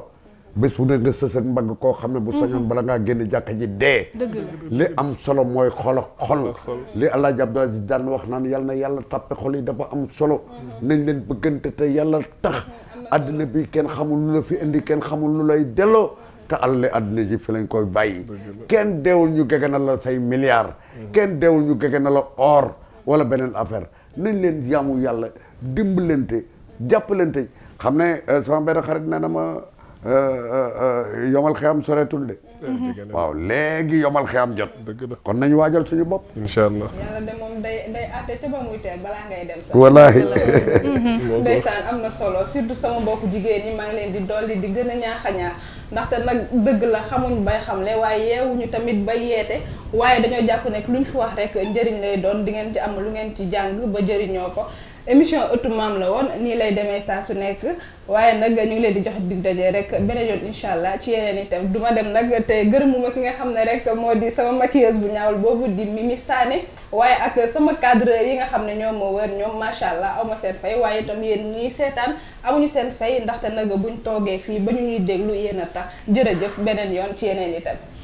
bés bu ne nga sësëg mbagg koo xam ne bu sañoon mhm. bala ngaa génn jàkka ji dee li am solo mooy xolo xol li Alaaji Abdou Aziz daan wax naan yàlla na yàlla tàppe xol yi dafa am solo mhm. nañ leen bëggante te yàlla tax mhm. àddina bi kenn xamul lu fi indi kenn xamul lu lay delloo te àll àddina ji fi lañ koy bàyyi kenn deewul ñu gege na la say milliards kenn deewul ñu gege na la or wala beneen affaire nañ leen yaamu yàlla dimbalante jàppalante xam ne euh, sama benn xarit nee na ma Euh, euh, euh, yomal xiyam soreetul eh, de. waaw léegi yomal xiyam jot. kon nañu waajal suñu bopp. incha allah yàlla de moom day day àtte te teel balaa ngay dem sax. wallaahi. ndeysaan am na solo surtout sama mbokku jigéen ñi maa ngi leen di dolli di gën a ñaax a ñaax ndaxte nag dëgg la xamuñ bay xamle waaye yeewuñu tamit bay yeete waaye dañoo jàpp ne luñ fi wax rek njëriñ lay doon di ngeen ci am lu ngeen ci jàng ba jëriñoo ko. émission ëttu maam la woon nii lay demee saa su nekk waaye nag ñu ngi leen di jox dig daje rek beneen yoon incha allah ci yeneen itam duma dem nag te gërëmuma ki nga xam ne rek moo di sama maquilleuse bu ñaawul boobu di mi Mimi sànni waaye ak sama cadreur yi nga xam ne ñoom moo wër ñoom macha allah aw ma seen fay waaye itam yéen ñiy seetaan amuñu seen fay ndaxte nag buñ toogee fii ba ñu ñuy déglu yéen a tax jërëjëf beneen yoon ci yeneen itam.